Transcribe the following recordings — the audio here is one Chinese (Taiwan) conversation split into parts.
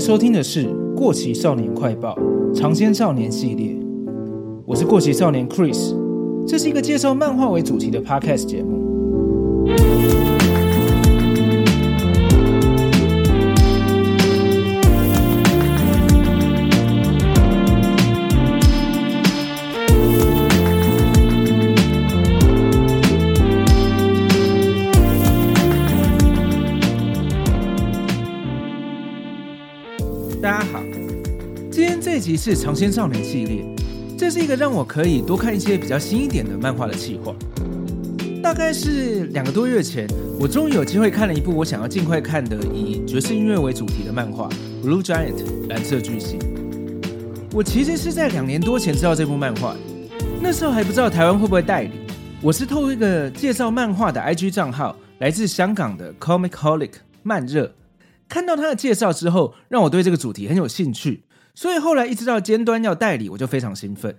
收聽的是《過期少年快報》嘗鮮少年系列，我是過期少年 Chris，這是一個介紹漫畫為主題的 Podcast 節目。是嘗鮮少年系列，這是一個讓我可以多看一些比較新一點的漫畫的企劃。大概是兩個多月前，我終於有機會看了一部我想要儘快看的以爵士音樂為主題的漫畫《Blue Giant》藍色巨星。我其實是在兩年多前知道這部漫畫，那時候還不知道台灣會不會代理。我是透過一個介紹漫畫的 IG 賬號，來自香港的 ComicHolic 慢熱，看到他的介紹之後，讓我對這個主題很有興趣。所以後來一直到尖端要代理，我就非常興奮。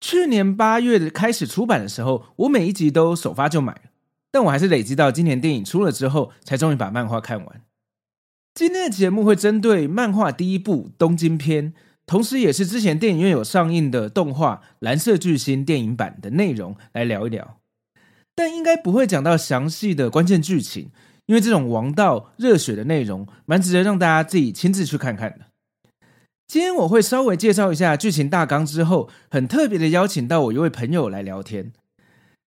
去年八月的開始出版的時候，我每一集都首發就買了，但我還是累積到今年電影出了之後，才終於把漫畫看完。今天的節目會針對漫畫第一部《東京篇》，同時也是之前電影院有上映的動畫《藍色巨星》電影版的內容來聊一聊，但應該不會講到詳細的關鍵劇情，因為這種王道熱血的內容，蠻值得讓大家自己親自去看看的。今天我會稍微介紹一下劇情大綱之後，很特別的邀請到我一位朋友來聊天。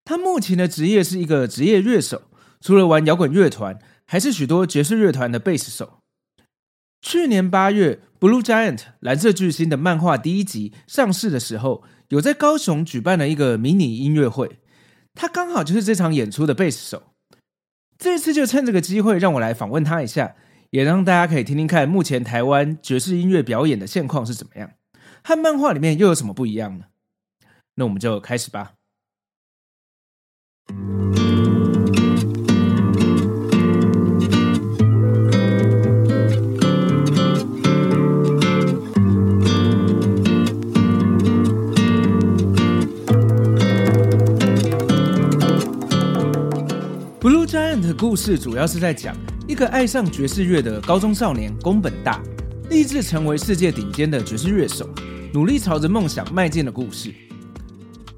他目前的職業是一個職業樂手，除了玩搖滾樂團，還是許多爵士樂團的貝斯手。去年八月，《Blue Giant》藍色巨星的漫畫第一集上市的時候，有在高雄舉辦了一個迷你音樂會，他剛好就是這場演出的貝斯手。這次就趁這個機會讓我來訪問他一下。也讓大家可以聽聽看，目前台灣爵士音樂表演的現況是怎麼樣，和漫畫裡面又有什麼不一樣呢？那我們就開始吧。《Blue Giant》的故事主要是在講一個愛上爵士樂的高中少年宮本大，立志成為世界頂尖的爵士樂手，努力朝着夢想邁進的故事。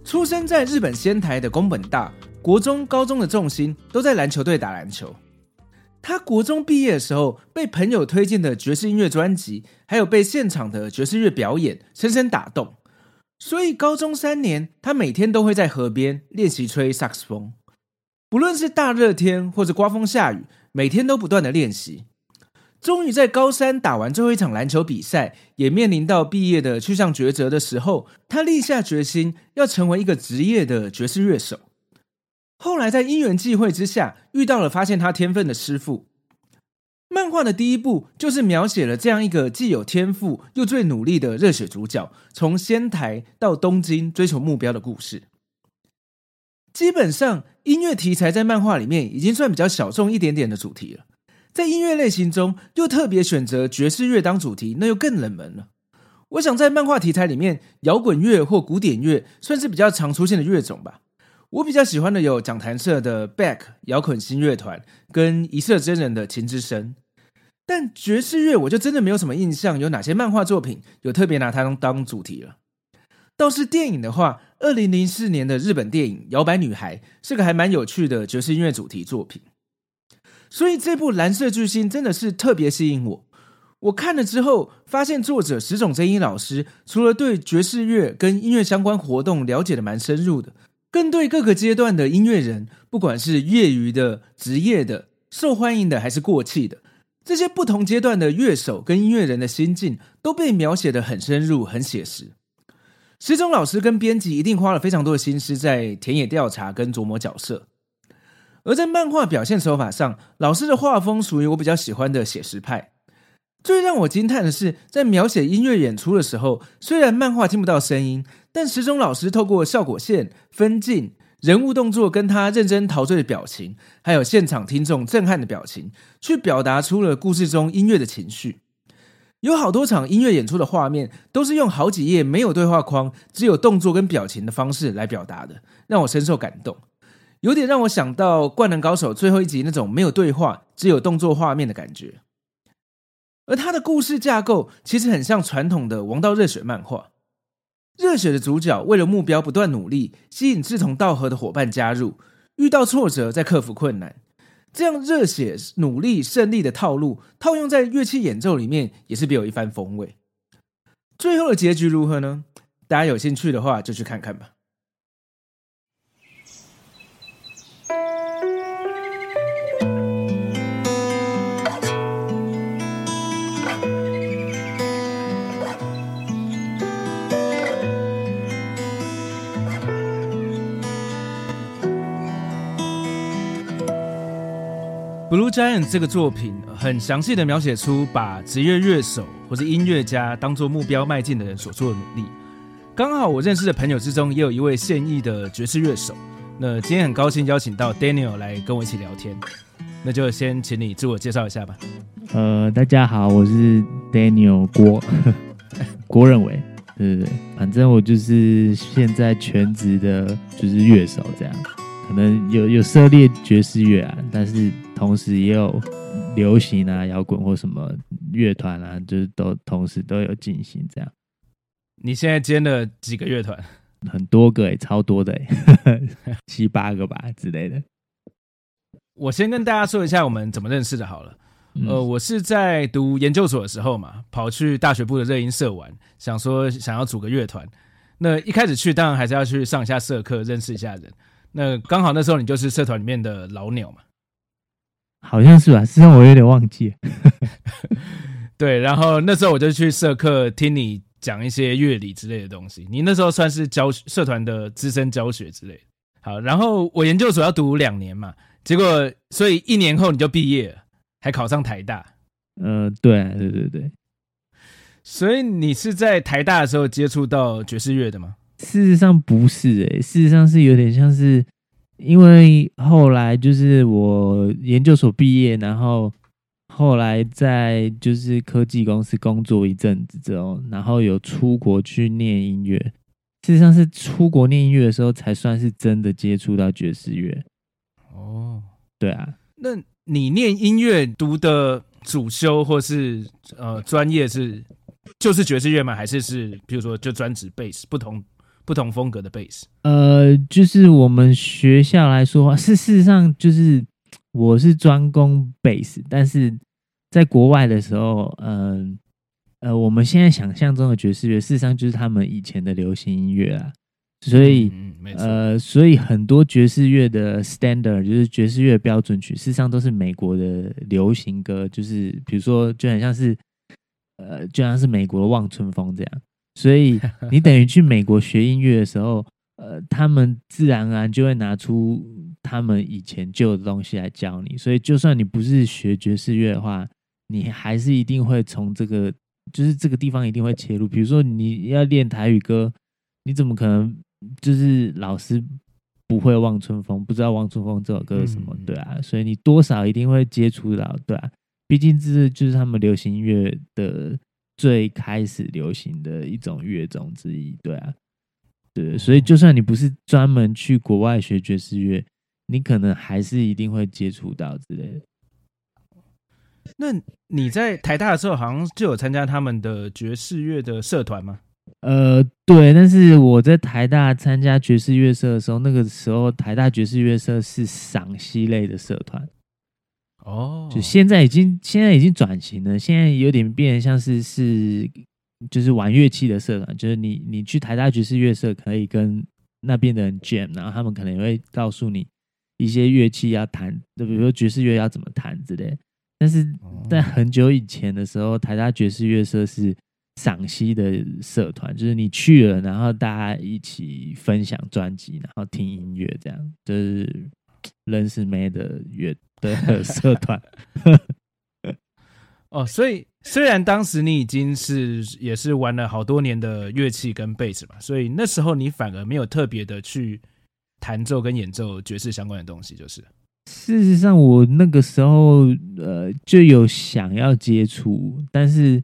出生在日本仙台的宮本大，國中、高中的重心都在籃球隊打籃球。他國中畢業的時候，被朋友推薦的爵士音樂專輯，還有被現場的爵士樂表演深深打動。所以高中三年，他每天都會在河邊練習吹薩克斯風，不論是大熱天或者颳風下雨。每天都不斷的練習，終於在高三打完最後一場籃球比賽，也面臨到畢業的去向抉擇的時候，他立下決心要成為一個職業的爵士樂手。後來在因緣際會之下，遇到了發現他天分的師傅。漫畫的第一部就是描寫了這樣一個既有天賦又最努力的熱血主角，從仙台到東京追求目標的故事。基本上，音樂題材在漫畫裡面已經算比較小眾一點點的主題了。在音樂類型中，又特別選擇爵士樂當主題，那又更冷門了。我想在漫畫題材裡面，搖滾樂或古典樂算是比較常出現的樂種吧。我比較喜歡的有講談社的 BECK 搖滾新樂團跟一色真人的琴之森，但爵士樂我就真的沒有什麼印象，有哪些漫畫作品有特別拿它當當主題了。倒是電影的話，二零零四年的日本電影《搖擺女孩》是個還蠻有趣的爵士音樂主題作品，所以這部藍色巨星真的是特別吸引我。我看了之後，發現作者石塚真一老師除了對爵士樂跟音樂相關活動了解得蠻深入的，更對各個階段的音樂人，不管是業餘的、職業的、受歡迎的還是過氣的，這些不同階段的樂手跟音樂人的心境都被描寫得很深入、很寫實。石塚老師跟編輯一定花了非常多的心思在田野調查跟琢磨角色，而在漫畫表現手法上，老師的畫風屬於我比較喜歡的寫實派。最讓我驚嘆的是，在描寫音樂演出的時候，雖然漫畫聽不到聲音，但石塚老師透過效果線、分鏡、人物動作跟他認真陶醉的表情，還有現場聽眾震撼的表情，去表達出了故事中音樂的情緒。有好多場音樂演出的畫面，都是用好幾頁沒有對話框，只有動作跟表情的方式來表達的，讓我深受感動。有點讓我想到《灌籃高手》最後一集那種沒有對話，只有動作畫面的感覺。而他的故事架構其實很像傳統的王道熱血漫畫。熱血的主角為了目標不斷努力，吸引志同道合的夥伴加入，遇到挫折再克服困難。這樣熱血、努力、勝利的套路，套用在樂器演奏裡面也是別有一番風味。最後的結局如何呢？大家有興趣的話，就去看看吧。《Blue Giant》這個作品很詳細的描寫出把職業樂手或是音樂家當做目標邁進的人所做的努力。剛好我認識的朋友之中也有一位現役的爵士樂手，那今天很高興邀請到 Daniel 來跟我一起聊天。那就先請你自我介紹一下吧。呃，大家好，我是 Daniel 郭 郭任瑋，對不對？反正我就是現在全職的就是樂手這樣，可能有有涉獵爵，爵士樂啊，但是。同時也有流行啊、搖滾或什麼樂團啊，就是都同時都有進行這樣。你現在兼了幾個樂團？很多個哎，超多的， 七八個吧之類的。我先跟大家說一下我們怎麼認識的好了。嗯、呃，我是在讀研究所的時候嘛，跑去大學部的熱音社玩，想說想要組個樂團。那一開始去當然還是要去上一下社課，認識一下人。那剛好那時候你就是社團裡面的老鳥嘛。好像是吧、啊，實際上我有點忘記 對，然後那時候我就去社課聽你講一些樂理之類的東西。你那時候算是教社團的資深教學之類的。好，然後我研究所要讀兩年嘛，結果所以一年後你就畢業了，還考上台大。呃，對、啊、對對對。所以你是在台大的時候接觸到爵士樂的嗎？事實上不是誒、欸，事實上是有點像是。因為後來就是我研究所畢業，然後後來在就是科技公司工作一陣子之後，然後有出國去念音樂。事實上是出國念音樂的時候，才算是真的接觸到爵士樂。哦，對啊，那你念音樂讀的主修或是呃專業是就是爵士樂嗎？還是是比如說就專職 s 斯不同？不同風格的貝斯，呃，就是我們學校來說，是事實上就是我是專攻貝斯，但是在國外的時候，嗯、呃，呃，我們現在想象中的爵士樂，事實上就是他們以前的流行音樂啊，所以、嗯嗯，呃，所以很多爵士樂的 standard 就是爵士樂標準曲，事實上都是美國的流行歌，就是比如說就很像是，呃，就像是美國的《望春風》這樣。所以你等於去美國學音樂的時候，呃，他們自然而、啊、然就會拿出他們以前舊的東西來教你。所以就算你不是學爵士樂的話，你還是一定會從這個，就是這個地方一定會切入。比如說你要練台語歌，你怎麼可能就是老師不會望春風，不知道望春風這首歌是什麼、嗯，對啊？所以你多少一定會接觸到，對啊？畢竟這是就是他們流行音樂的。最開始流行的一種樂種之一，對啊，對，所以就算你不是專門去國外學爵士樂，你可能還是一定會接觸到之類的。那你在台大的時候，好像就有參加他們的爵士樂的社團嗎？呃，對，但是我在台大參加爵士樂社的時候，那個時候台大爵士樂社是賞析類的社團。哦、oh.，就現在已經現在已經轉型了，現在有點變得像是是就是玩樂器的社團，就是你你去台大爵士樂社可以跟那邊的人 jam，然後他們可能也會告訴你一些樂器要彈，就比如說爵士樂要怎麼彈之類。但是在很久以前的時候，oh. 台大爵士樂社是賞析的社團，就是你去了，然後大家一起分享專輯，然後聽音樂，這樣就是認識 man 的樂。的社團 哦，所以雖然當時你已經是也是玩了好多年的樂器跟貝斯嘛，所以那時候你反而沒有特別的去彈奏跟演奏爵士相關的東西，就是。事實上，我那個時候呃就有想要接觸，但是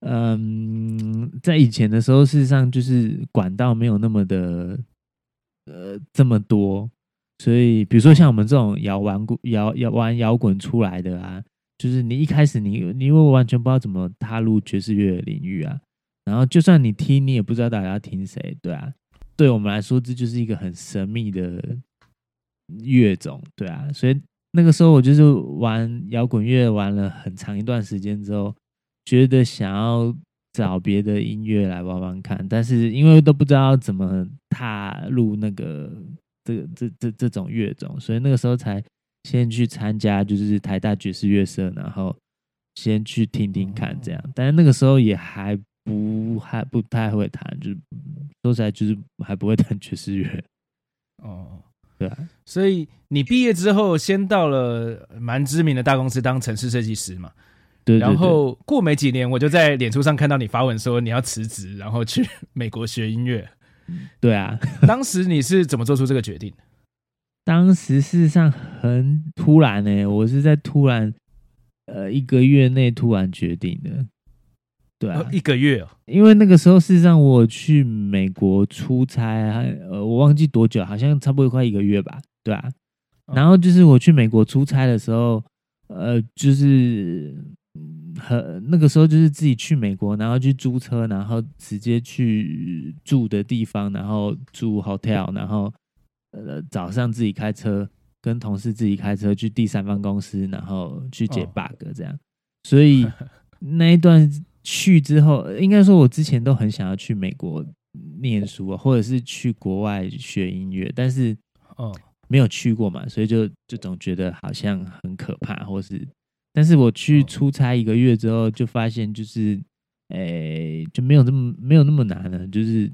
嗯、呃，在以前的時候，事實上就是管道，沒有那麼的呃這麼多。所以，比如說像我們這種搖玩搖搖玩搖滾出來的啊，就是你一開始你你因為我完全不知道怎麼踏入爵士樂領域啊，然後就算你聽，你也不知道大家聽誰，對啊。對我們來說，這就是一個很神秘的樂種，對啊。所以那個時候我就是玩搖滾樂玩了很長一段時間之後，覺得想要找別的音樂來玩玩看，但是因為都不知道怎麼踏入那個。這這這這種樂種，所以那個時候才先去參加，就是台大爵士樂社，然後先去聽聽看這樣。但是那個時候也還不還不太會彈，就是說起來就是還不會彈爵士樂。哦，對啊。所以你畢業之後，先到了蠻知名的大公司當程式設計師嘛，對，對。然後過沒幾年，我就在臉書上看到你發文說你要辭職，然後去美國學音樂。對啊，當時你是怎麼做出這個決定的？ 當時事實上很突然呢，欸，我是在突然，呃，一個月內突然決定的。對啊。哦，一個月哦。因為那個時候事實上我去美國出差還，還呃，我忘記多久，好像差不多快一個月吧，對啊，然後就是我去美國出差的時候，呃，就是。很，那個時候就是自己去美國，然後去租車，然後直接去、呃、住的地方，然後住 hotel，然後呃早上自己開車，跟同事自己開車去第三方公司，然後去解 bug 這樣。Oh. 所以那一段去之後，應該說我之前都很想要去美國念書，啊，或者是去國外學音樂，但是哦沒有去過嘛，所以就就總覺得好像很可怕，或是。但是我去出差一個月之後，就發現就是，誒、oh. 欸、就沒有那麼沒有那麼難了，就是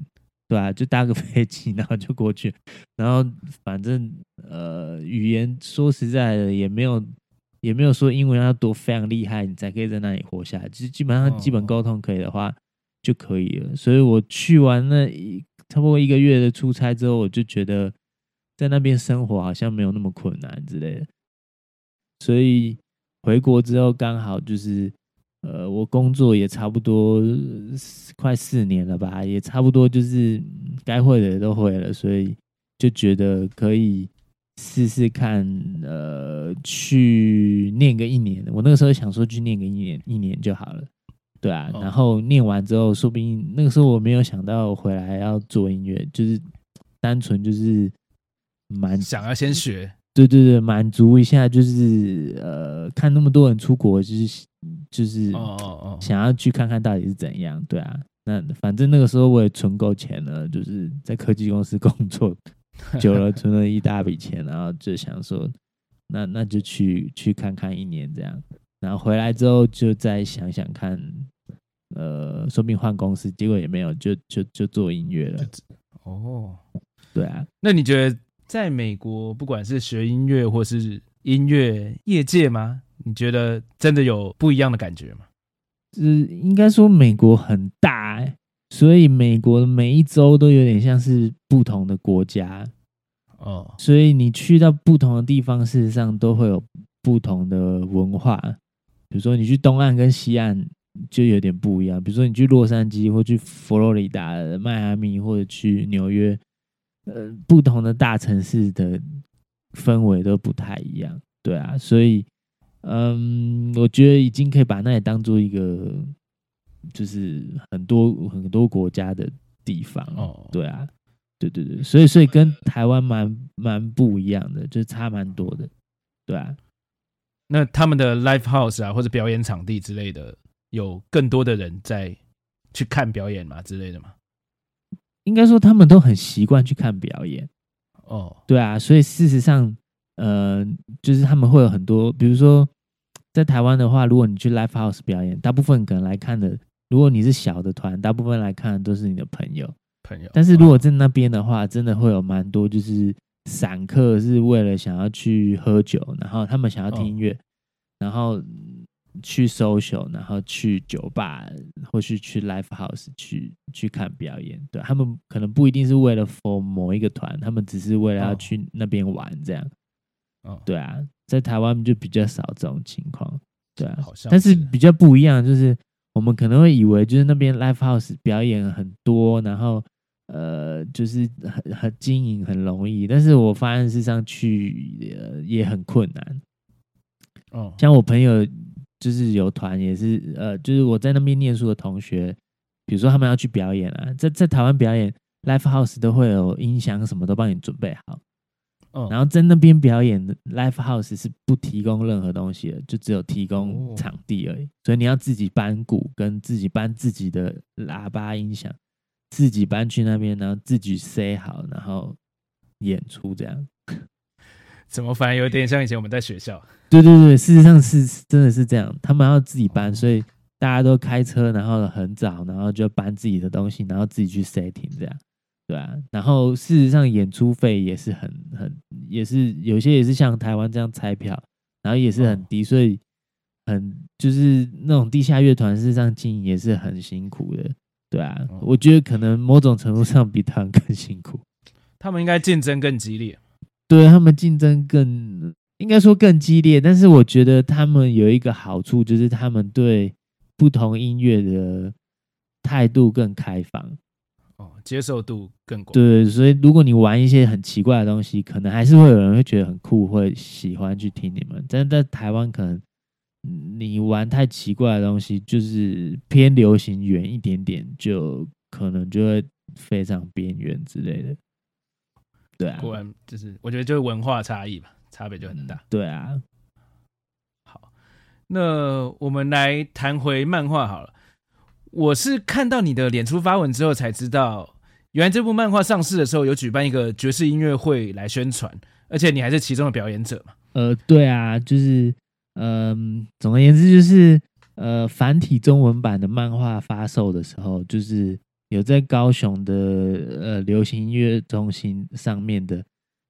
對啊，就搭個飛機然後就過去，然後反正呃語言說實在的也沒有也沒有說英文要多非常厲害你才可以在那裡活下來，其實、就是、基本上基本溝通可以的話就可以了。Oh. 所以我去完那一差不多一個月的出差之後，我就覺得在那邊生活好像沒有那麼困難之類的，所以。回國之後剛好就是，呃，我工作也差不多，呃，快四年了吧，也差不多就是該會的都會了，所以就覺得可以試試看，呃，去念個一年。我那個時候想說去念個一年，一年就好了，對啊。哦。然後念完之後，說不定那個時候我沒有想到回來要做音樂，就是單純就是蠻想要先學。對對對，滿足一下就是呃，看那麼多人出國，就是，就是就是，oh, oh, oh. 想要去看看到底是怎樣，對啊。那反正那個時候我也存夠錢了，就是在科技公司工作 久了，存了一大筆錢， 然後就想說，那那就去去看看一年這樣，然後回來之後就再想想看，呃，說不定換公司，結果也沒有，就就就做音樂了。哦、oh.，對啊，那你覺得？在美國，不管是學音樂或是音樂業界嗎？你覺得真的有不一樣的感覺嗎？是應該說，美國很大，欸，所以美國每一州都有點像是不同的國家。哦，所以你去到不同的地方，事實上都會有不同的文化。比如說你去東岸跟西岸就有點不一樣。比如說你去洛杉磯或去佛羅里達的邁阿密，或者去紐約。呃，不同的大城市的氛圍都不太一樣，對啊，所以，嗯，我覺得已經可以把那裡當做一個，就是很多很多國家的地方哦，對啊、哦，對對對，所以所以跟台灣蠻蠻不一樣的，就差蠻多的，對啊。那他們的 live house 啊，或者表演場地之類的，有更多的人在去看表演嘛之類的嗎？應該說他們都很習慣去看表演，哦、oh.，對啊，所以事實上，呃，就是他們會有很多，比如說在台灣的話，如果你去 live house 表演，大部分可能來看的，如果你是小的團，大部分來看的都是你的朋友，朋友。但是如果在那邊的話、嗯，真的會有蠻多，就是散客是為了想要去喝酒，然後他們想要聽音樂，oh. 然後。去 social，然後去酒吧，或是去，去 live house 去去看表演。對，他們可能不一定是為了 for 某一個團，他們只是為了要去那邊玩，哦、這樣、哦。對啊，在台灣就比較少這種情況。對啊，是但是比較不一樣，就是我們可能會以為就是那邊 live house 表演很多，然後呃，就是很很經營很容易。但是我發現事實上去，呃、也很困難，哦。像我朋友。就是有團也是呃，就是我在那邊念書的同學，比如說他們要去表演啊，在在台灣表演 live house 都會有音響什麼都幫你準備好，哦、然後在那邊表演 live house 是不提供任何東西的，就只有提供場地而已，哦、所以你要自己搬鼓，跟自己搬自己的喇叭音響，自己搬去那邊，然後自己塞好，然後演出這樣。怎麼，反而有點像以前我們在學校。對對對，事實上是真的是這樣，他們要自己搬，所以大家都開車，然後很早，然後就搬自己的東西，然後自己去 setting 這樣，對啊。然後事實上演出費也是很很，也是有些也是像台灣這樣拆票，然後也是很低，哦、所以很就是那種地下樂團事實上經營也是很辛苦的，對啊、哦。我覺得可能某種程度上比他們更辛苦，他們應該競爭更激烈，對他們競爭更。應該說更激烈，但是我覺得他們有一個好處，就是他們對不同音樂的態度更開放，哦，接受度更廣。對，所以如果你玩一些很奇怪的東西，可能還是會有人會覺得很酷，會喜歡去聽你們。但是在台灣，可能你玩太奇怪的東西，就是偏流行遠一點點，就可能就會非常邊緣之類的。對啊，果然就是我覺得就是文化差異吧。差別就很大，嗯，對啊。好，那我們來談回漫畫好了。我是看到你的臉書發文之後才知道，原來這部漫畫上市的時候有舉辦一個爵士音樂會來宣傳，而且你還是其中的表演者嘛？呃，對啊，就是，嗯、呃，總而言之就是，呃，繁體中文版的漫畫發售的時候，就是有在高雄的呃流行音樂中心上面的。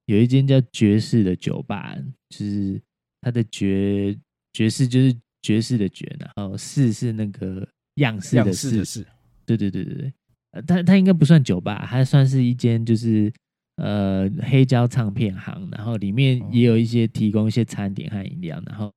有一間叫爵士的酒吧，就是它的爵，“爵士”就是爵士的“爵”，然後“士”是那個樣士的士，樣式的士。對對對對對，呃、它它應該不算酒吧，它算是一間就是呃黑膠唱片行，然後裡面也有一些提供一些餐點和飲料，然後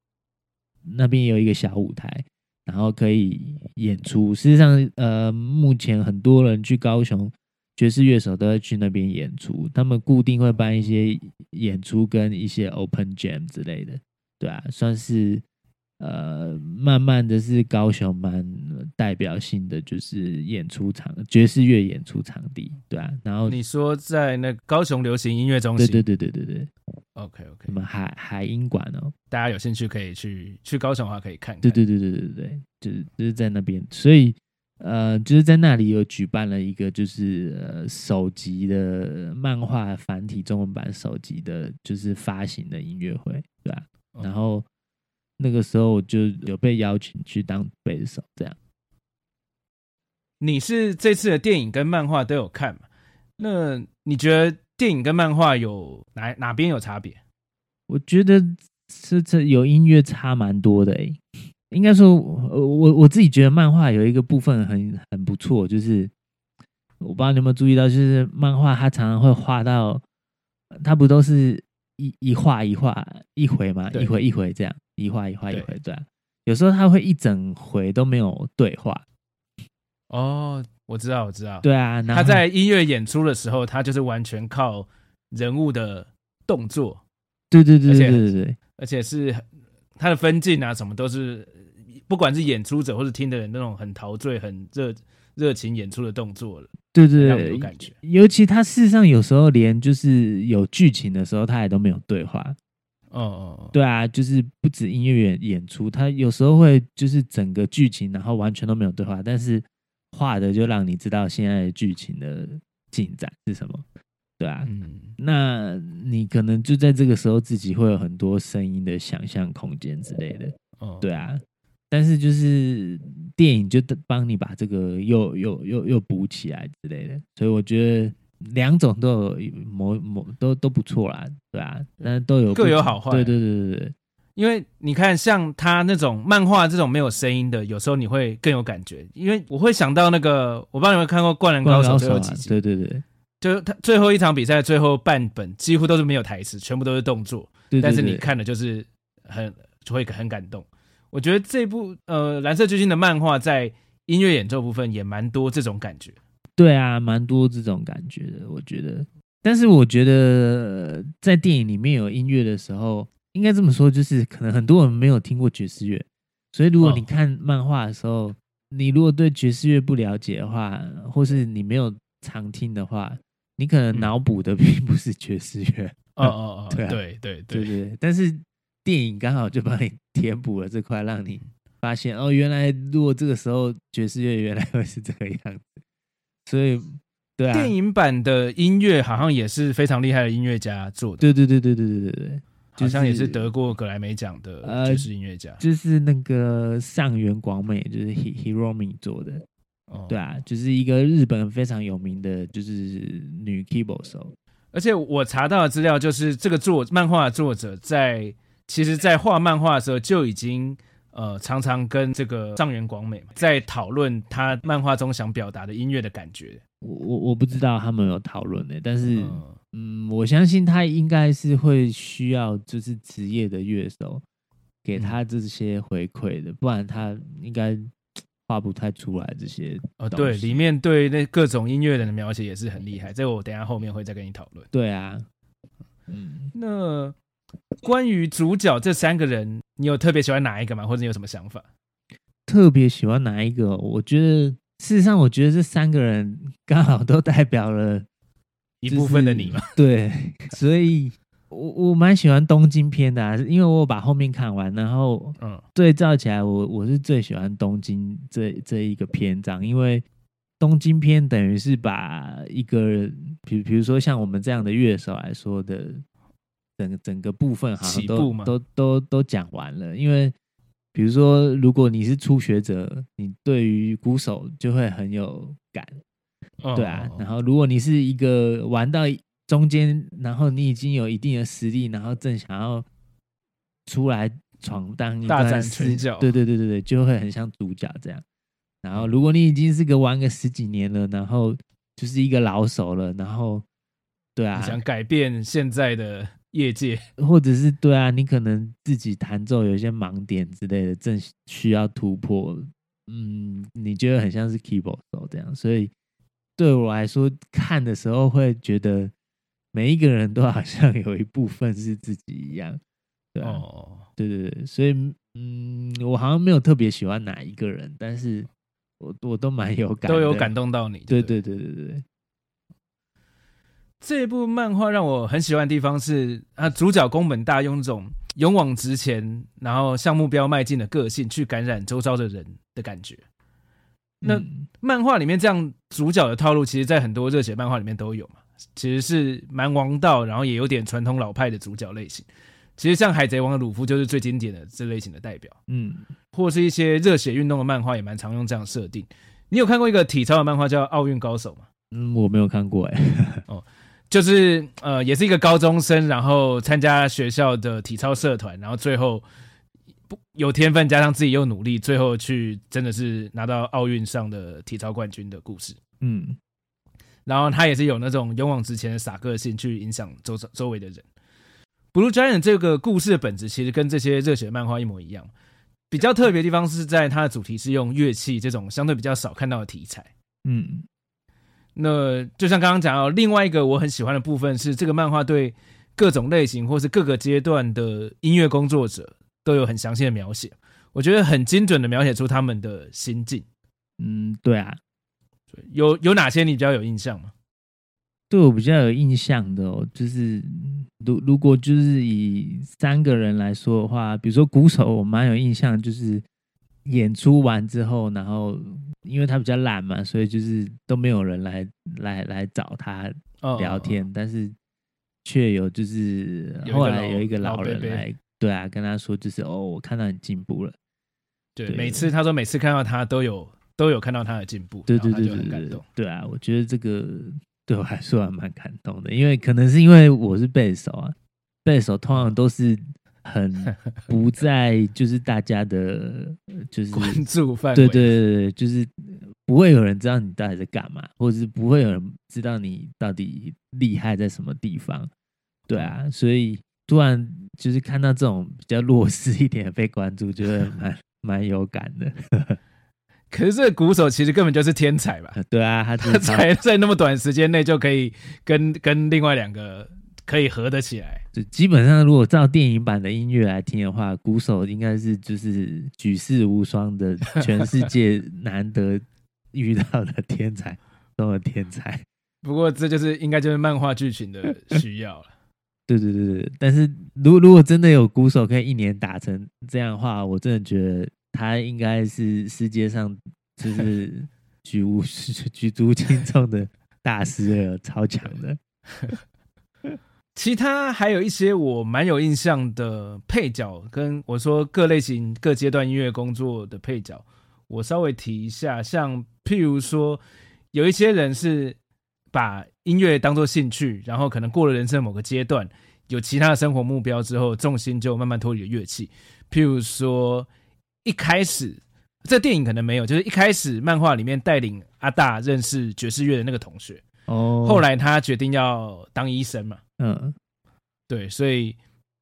那邊有一個小舞台，然後可以演出。事實上，呃，目前很多人去高雄爵士樂手都會去那邊演出，他們固定會辦一些演出跟一些 open jam 之類的，對啊，算是呃，慢慢的，是高雄蠻代表性的就是演出場爵士樂演出場地，對啊，然後你說在那高雄流行音樂中心，對對對對對對，OK OK，什麼海海音館哦，大家有興趣可以去去高雄的話可以看看，對對對對對對對，就是就是在那邊，所以。呃，就是在那裡有舉辦了一個就是呃、首集的漫畫繁體中文版首集的，就是發行的音樂會，對吧、啊嗯。然後那個時候我就有被邀請去當貝斯手，這樣。你是這次的電影跟漫畫都有看嗎？那你覺得電影跟漫畫有哪哪邊有差別？我覺得是這有音樂差蠻多的、欸應該說，我我我自己覺得漫畫有一個部分很很不錯，就是我不知道你有沒有注意到，就是漫畫它常常會畫到，它不都是一一畫一畫一回嘛，一回一回這樣，一畫一畫一回這樣。有時候它會一整回都沒有對話。哦，我知道，我知道。對啊，他在音樂演出的時候，他就是完全靠人物的動作。對對對對對對，而且是。他的分鏡啊，什麼都是，不管是演出者或是聽的人，那種很陶醉，很熱熱情演出的動作了。對對對，很有感覺。尤其他事實上有時候連就是有劇情的時候，他也都沒有對話。哦哦對啊，就是不止音樂演演出，他有時候會就是整個劇情，然後完全都沒有對話，但是畫的就讓你知道現在的劇情的進展是什麼。對啊，嗯，那你可能就在這個時候自己會有很多聲音的想象空間之類的，哦，對啊，但是就是電影就幫你把這個又又又又補起來之類的，所以我覺得兩種都有，都都不錯啦，對啊，那都有各有好壞，對對對對對，因為你看像他那種漫畫這種沒有聲音的，有時候你會更有感覺，因為我會想到那個我不知道你有沒有看過《灌籃高手》啊，對對對，對。就他最後一場比賽的最後半本幾乎都是沒有台詞，全部都是動作。對對對，但是你看的就是很，就會很感動。我覺得這部呃藍色巨星的漫畫在音樂演奏部分也蠻多這種感覺。對啊，蠻多這種感覺的，我覺得。但是我覺得在電影裡面有音樂的時候，應該這麼說，就是可能很多人沒有聽過爵士樂，所以如果你看漫畫的時候，哦，你如果對爵士樂不了解的話，或是你沒有常聽的話。你可能腦補的並不是爵士樂。嗯，哦哦哦，對、啊、對對對對，對，對，對，但是電影剛好就幫你填補了這塊，嗯、讓你發現哦，原來如果這個時候爵士樂原來會是這個樣子，所以對啊，電影版的音樂好像也是非常厲害的音樂家做的，對對對對對對對對、就是，好像也是得過格萊美獎的爵士音樂家、呃，就是那個上原廣美，就是 Hiromi 做的。嗯、對啊，就是一個日本非常有名的，就是女 keyboard 手。而且我查到的資料就是，這個作漫畫作者在其實在畫漫畫的時候就已經呃，常常跟這個上原廣美在討論他漫畫中想表達的音樂的感覺。我我我不知道他們有討論的，但是嗯，嗯，我相信他應該是會需要就是職業的樂手給他這些回饋的，嗯、不然他應該。畫不太出來這些哦，對，裡面對那各種音樂人的描寫也是很厲害，這個、我等下後面會再跟你討論。對啊，嗯，那關於主角這三個人，你有特別喜歡哪一個嗎？或者你有什麼想法？特別喜歡哪一個？我覺得，事實上，我覺得這三個人剛好都代表了、就是、一部分的你嘛。對， 所以。我我蠻喜歡東京篇的、啊，是因為我有把後面看完，然後嗯，對照起來我，我我是最喜歡東京這這一個篇章，因為東京篇等於是把一個，比比如說像我們這樣的樂手來說的，整整個部分哈，起步嘛，都都都,都講完了，因為比如說如果你是初學者，你對於鼓手就會很有感，哦、對啊，然後如果你是一個玩到。中間，然後你已經有一定的實力，然後正想要出來闖蕩，大展拳腳，對對對對對，就會很像主角這樣。然後，如果你已經是個玩個十幾年了，然後就是一個老手了，然後，對啊，想改變現在的業界，或者是對啊，你可能自己彈奏有一些盲點之類的，正需要突破。嗯，你覺得很像是 keyboard 手這樣。所以對我來說，看的時候會覺得。每一個人都好像有一部分是自己一樣，對、啊哦、對對對，所以嗯，我好像沒有特別喜歡哪一個人，但是我我都蠻有感，都有感動到你，對，對對對對對。這部漫畫讓我很喜歡的地方是啊，它主角宮本大用這種勇往直前，然後向目標邁進的個性去感染周遭的人的感覺。那、嗯、漫畫裡面這樣主角的套路，其實，在很多熱血漫畫裡面都有嘛。其實是蠻王道，然後也有點傳統老派的主角類型。其實像《海賊王》的魯夫就是最經典的這類型的代表。嗯，或是一些熱血運動的漫畫也蠻常用這樣設定。你有看過一個體操的漫畫叫《奧運高手》嗎？嗯，我沒有看過哎、欸。 哦，就是呃，也是一個高中生，然後參加學校的體操社團，然後最後不有天分，加上自己又努力，最後去真的是拿到奧運上的體操冠軍的故事。嗯。然後他也是有那種勇往直前的傻個性，去影響周周圍的人。Blue Giant 這個故事的本質其實跟這些熱血漫畫一模一樣，比較特別的地方是在它的主題是用樂器這種相對比較少看到的題材。嗯，那就像剛剛講到，另外一個我很喜歡的部分是這個漫畫對各種類型或是各個階段的音樂工作者都有很詳細的描寫，我覺得很精準的描寫出他們的心境。嗯，對啊。有有哪些你比較有印象嗎？對我比較有印象的哦，就是如如果就是以三個人來說的話，比如說鼓手，我蠻有印象，就是演出完之後，然後因為他比較懶嘛，所以就是都沒有人來來來找他聊天，哦、但是卻有就是有後來有一個老人來，伯伯對啊，跟他說就是哦，我看到你進步了。對，對每次他說每次看到他都有。都有看到他的進步就很感動，對對對對對，對啊，我覺得這個對我還是蠻蠻感動的，因為可能是因為我是 Bass 手啊，Bass 手通常都是很不在就是大家的，就是 關注範圍，對對對，就是不會有人知道你到底在幹嘛，或者是不會有人知道你到底厲害在什麼地方，對啊，所以突然就是看到這種比較弱勢一點的被關注就會蠻，覺得蠻蠻有感的。可是這個鼓手其實根本就是天才吧？啊對啊，他才 在，在那麼短時間內就可以跟跟另外兩個可以合得起來。就基本上，如果照電影版的音樂來聽的話，鼓手應該是就是舉世無雙的，全世界難得遇到的天才，多 麼天才！不過這就是應該就是漫畫劇情的需要了。 對對對對，但是如果如果真的有鼓手可以一年打成這樣的話，我真的覺得。他應該是世界上就是舉無舉足輕重的大師了，超強的 。其他還有一些我蠻有印象的配角，跟我說各類型、各階段音樂工作的配角，我稍微提一下。像譬如說，有一些人是把音樂當做興趣，然後可能過了人生某個階段，有其他的生活目標之後，重心就慢慢脫離了樂器。譬如說。一開始，這電影可能沒有，就是一開始漫畫裡面帶領阿大認識爵士樂的那個同學哦。Oh. 後來他決定要當醫生嘛，嗯、uh.，對，所以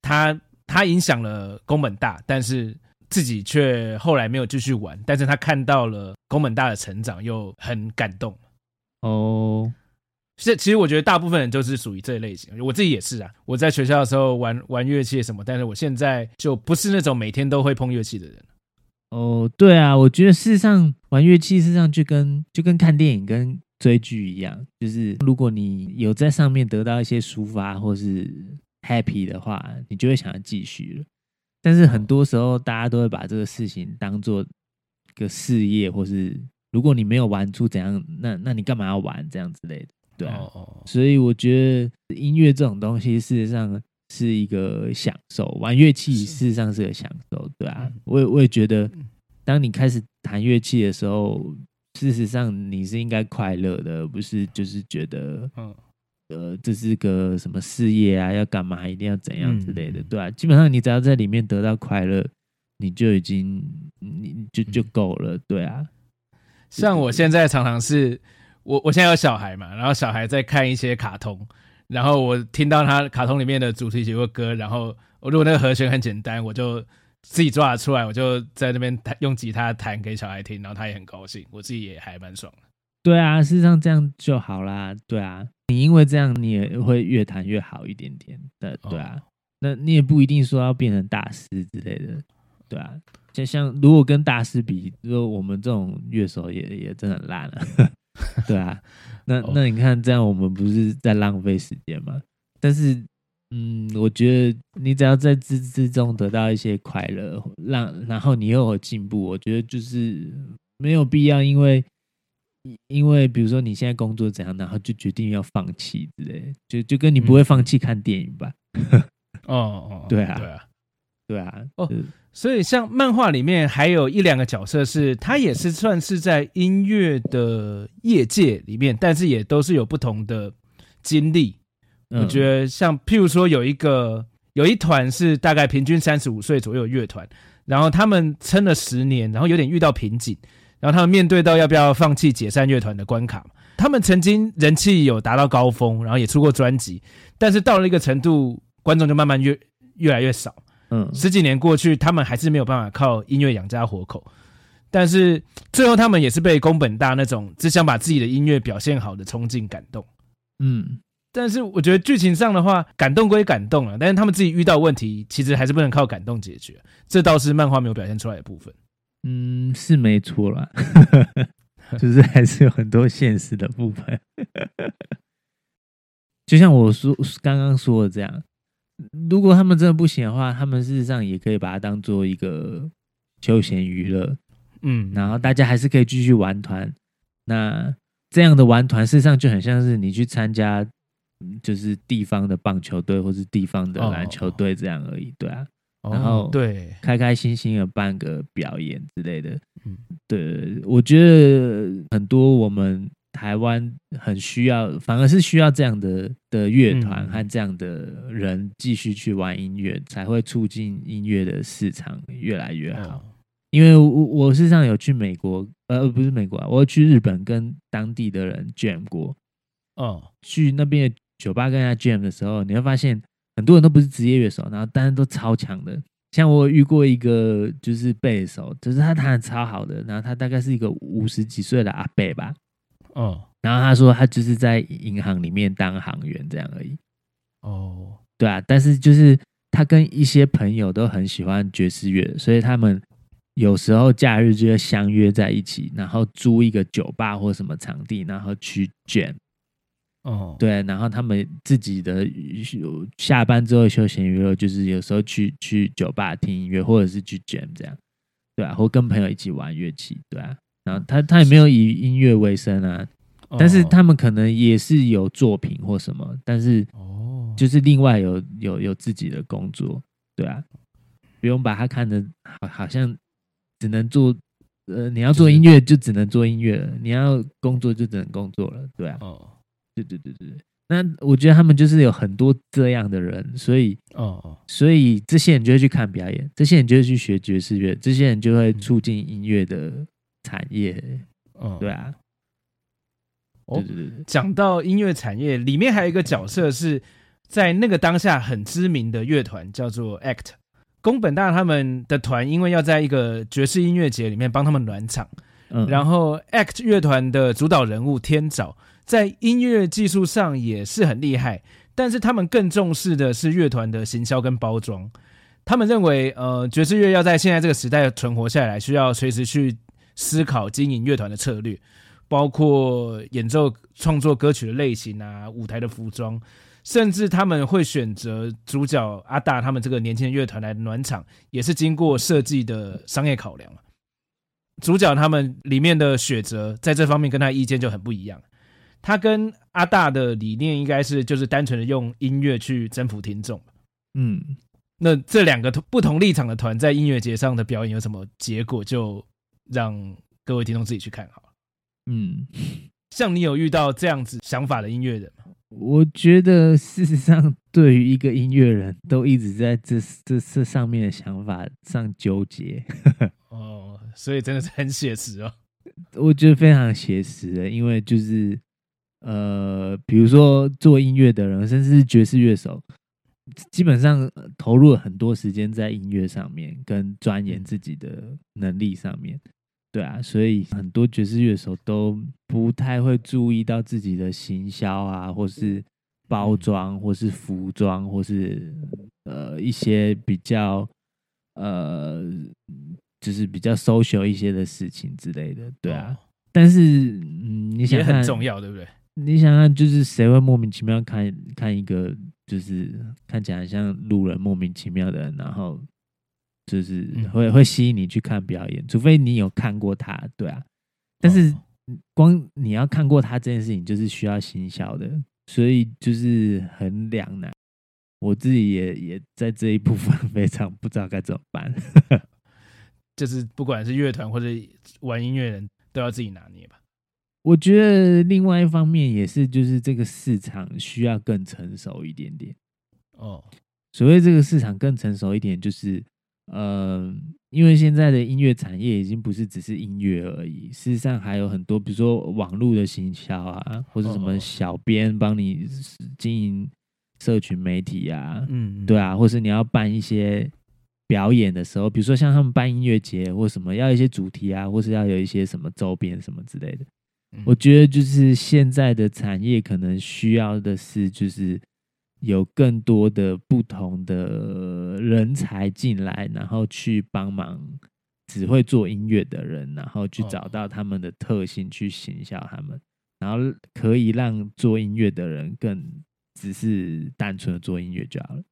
他他影響了宮本大，但是自己卻後來沒有繼續玩。但是他看到了宮本大的成長，又很感動哦。其實，其實我覺得大部分人就是屬於這一類型，我自己也是啊。我在學校的時候玩玩樂器也什麼，但是我現在就不是那種每天都會碰樂器的人。哦，oh，對啊，我覺得事實上玩樂器事實上就跟就跟看電影、跟追劇一樣，就是如果你有在上面得到一些抒發或是 happy 的話，你就會想要繼續了。但是很多時候大家都會把這個事情當作個事業，或是如果你沒有玩出怎樣，那那你幹嘛要玩這樣之類的？對啊，oh. 所以我覺得音樂這種東西，事實上。是一個享受，玩樂器事實上是個享受，對啊，我也我也覺得，當你開始彈樂器的時候，事實上你是應該快樂的，而不是就是覺得，嗯、哦、呃，這是個什麼事業啊？要幹嘛？一定要怎樣之類的、嗯，對啊，基本上你只要在裡面得到快樂，你就已經你就就夠了，對啊。像我現在常常是，我我現在有小孩嘛，然後小孩在看一些卡通。然後我聽到他卡通裡面的主題曲或歌，然後我如果那個和弦很簡單，我就自己抓了出來，我就在那邊彈用吉他彈給小孩聽，然後他也很高興，我自己也還蠻爽的。對啊，事實上這樣就好啦，對啊，你因為這樣你也會越彈越好一點點的，對對啊，哦，那你也不一定說要變成大師之類的，對啊，就像如果跟大師比，如果我們這種樂手也也真的很爛了啊， 對啊。那那你看，這樣我們不是在浪費時間嗎？Oh. 但是，嗯，我覺得你只要在自自之中得到一些快樂，讓然後你又有進步，我覺得就是沒有必要，因為因為比如說你現在工作怎樣，然後就決定要放棄之類，就就跟你不會放棄看電影吧？哦、嗯、哦、 oh, oh, 啊，對啊對啊對啊哦。Oh. 就是所以，像漫畫裡面還有一兩個角色，是他也是算是在音樂的業界裡面，但是也都是有不同的經歷。嗯。我覺得，像譬如說有，有一個有一團是大概平均三十五歲左右的樂團，然後他們撐了十年，然後有點遇到瓶頸，然後他們面對到要不要放棄解散樂團的關卡。他們曾經人氣有達到高峰，然後也出過專輯，但是到了一個程度，觀眾就慢慢越越來越少。嗯，十幾年過去，他們還是沒有辦法靠音樂養家活口。但是最後，他們也是被宮本大那種只想把自己的音樂表現好的衝勁感動。嗯，但是我覺得劇情上的話，感動歸感動了，但是他們自己遇到問題，其實還是不能靠感動解決。這倒是漫畫沒有表現出來的部分。嗯，是沒錯啦， 就是還是有很多現實的部分。 就像我說剛剛說的這樣。如果他們真的不行的話，他們事實上也可以把它當做一個休閒娛樂，嗯，然後大家還是可以繼續玩團。那這樣的玩團事實上就很像是你去參加，就是地方的棒球隊或是地方的籃球隊這樣而已，哦、對啊。然後對，開開心心的辦個表演之類的，嗯、哦，對，我覺得很多我們，台灣很需要，反而是需要這樣的的樂團和這樣的人繼續去玩音樂，嗯，才會促進音樂的市場越來越好。哦、因為我我事實上有去美國，呃，不是美國，啊，我有去日本跟當地的人 jam 過，哦，去那邊的酒吧跟人家 jam 的時候，你會發現很多人都不是職業樂手，然後但是都超強的。像我遇過一個就是貝手，就是他彈的超好的，然後他大概是一個五十幾歲的阿伯吧。哦、oh.，然後他說他就是在銀行裡面當行員這樣而已。哦、oh.，對啊，但是就是他跟一些朋友都很喜歡爵士樂，樂，所以他們有時候假日就會相約在一起，然後租一個酒吧或什麼場地，然後去 jam。哦、oh.，對啊，然後他們自己的下班之後休閒娛樂就是有時候去去酒吧聽音樂，或者是去 jam 這樣。對啊，或跟朋友一起玩樂器，對啊。然後他他也沒有以音樂為生啊，oh. 但是他們可能也是有作品或什麼，但是哦，就是另外有有有自己的工作，對啊，oh. 不用把他看得好好像只能做呃你要做音樂就只能做音樂了、就是，你要工作就只能工作了，對啊，對對對對，那我覺得他們就是有很多這樣的人，所以哦，oh. 所以這些人就會去看表演，這些人就會去學爵士樂，這些人就會促進音樂的產業，嗯，對啊，哦、對對對、講到音樂產業裡面，還有一個角色是在那個當下很知名的樂團叫做 Act 宮本大他們的團，因為要在一個爵士音樂節裡面幫他們暖場，嗯、然後 Act 樂團的主導人物天早在音樂技術上也是很厲害，但是他們更重視的是樂團的行銷跟包裝。他們認為，呃，爵士樂要在現在這個時代存活下來，需要隨時去思考經營樂團的策略，包括演奏、創作歌曲的類型啊，舞台的服裝，甚至他們會選擇主角阿大他們這個年輕的樂團來暖場，也是經過設計的商業考量。主角他們裡面的選擇在這方面跟他意見就很不一樣。他跟阿大的理念應該是就是單純的用音樂去征服聽眾。嗯，那這兩個不同立場的團在音樂節上的表演有什麼結果？就。讓各位聽眾自己去看好了。嗯，像你有遇到這樣子想法的音樂人嗎？我覺得事實上，對於一個音樂人都一直在這這這上面的想法上糾結。哦、 oh,，所以真的是很寫實哦。我覺得非常寫實的，因為就是呃，比如說做音樂的人，甚至是爵士樂手，基本上投入了很多時間在音樂上面，跟鑽研自己的能力上面。對啊，所以很多爵士樂手都不太會注意到自己的行銷啊，或是包裝，或是服裝，或是呃一些比較呃，就是比較 social 一些的事情之類的。對啊，哦、但是嗯，你想很重要，對不對？你想想，就是誰會莫名其妙看看一個，就是看起來像路人莫名其妙的，然後。就是會會吸引你去看表演、嗯，除非你有看過他，對啊。但是光你要看過他這件事情，就是需要行銷的，所以就是很兩難。我自己也也在這一部分非常不知道該怎麼辦。 就是不管是樂團或者玩音樂人都要自己拿捏吧。我覺得另外一方面也是，就是這個市場需要更成熟一點點。哦，所謂這個市場更成熟一點，就是。呃，因為現在的音樂產業已經不是只是音樂而已，事實上還有很多，比如說網絡的行銷啊，或者什麼小編幫你經營社群媒體啊，嗯、哦哦，對啊，或是你要辦一些表演的時候，比如說像他們辦音樂節或什麼，要一些主題啊，或是要有一些什麼周邊什麼之類的。嗯、我覺得就是現在的產業可能需要的是就是。有更多的不同的人才進來，然後去幫忙只會做音樂的人，然後去找到他們的特性去行銷他們，哦，然後可以讓做音樂的人更只是單純的做音樂就好了。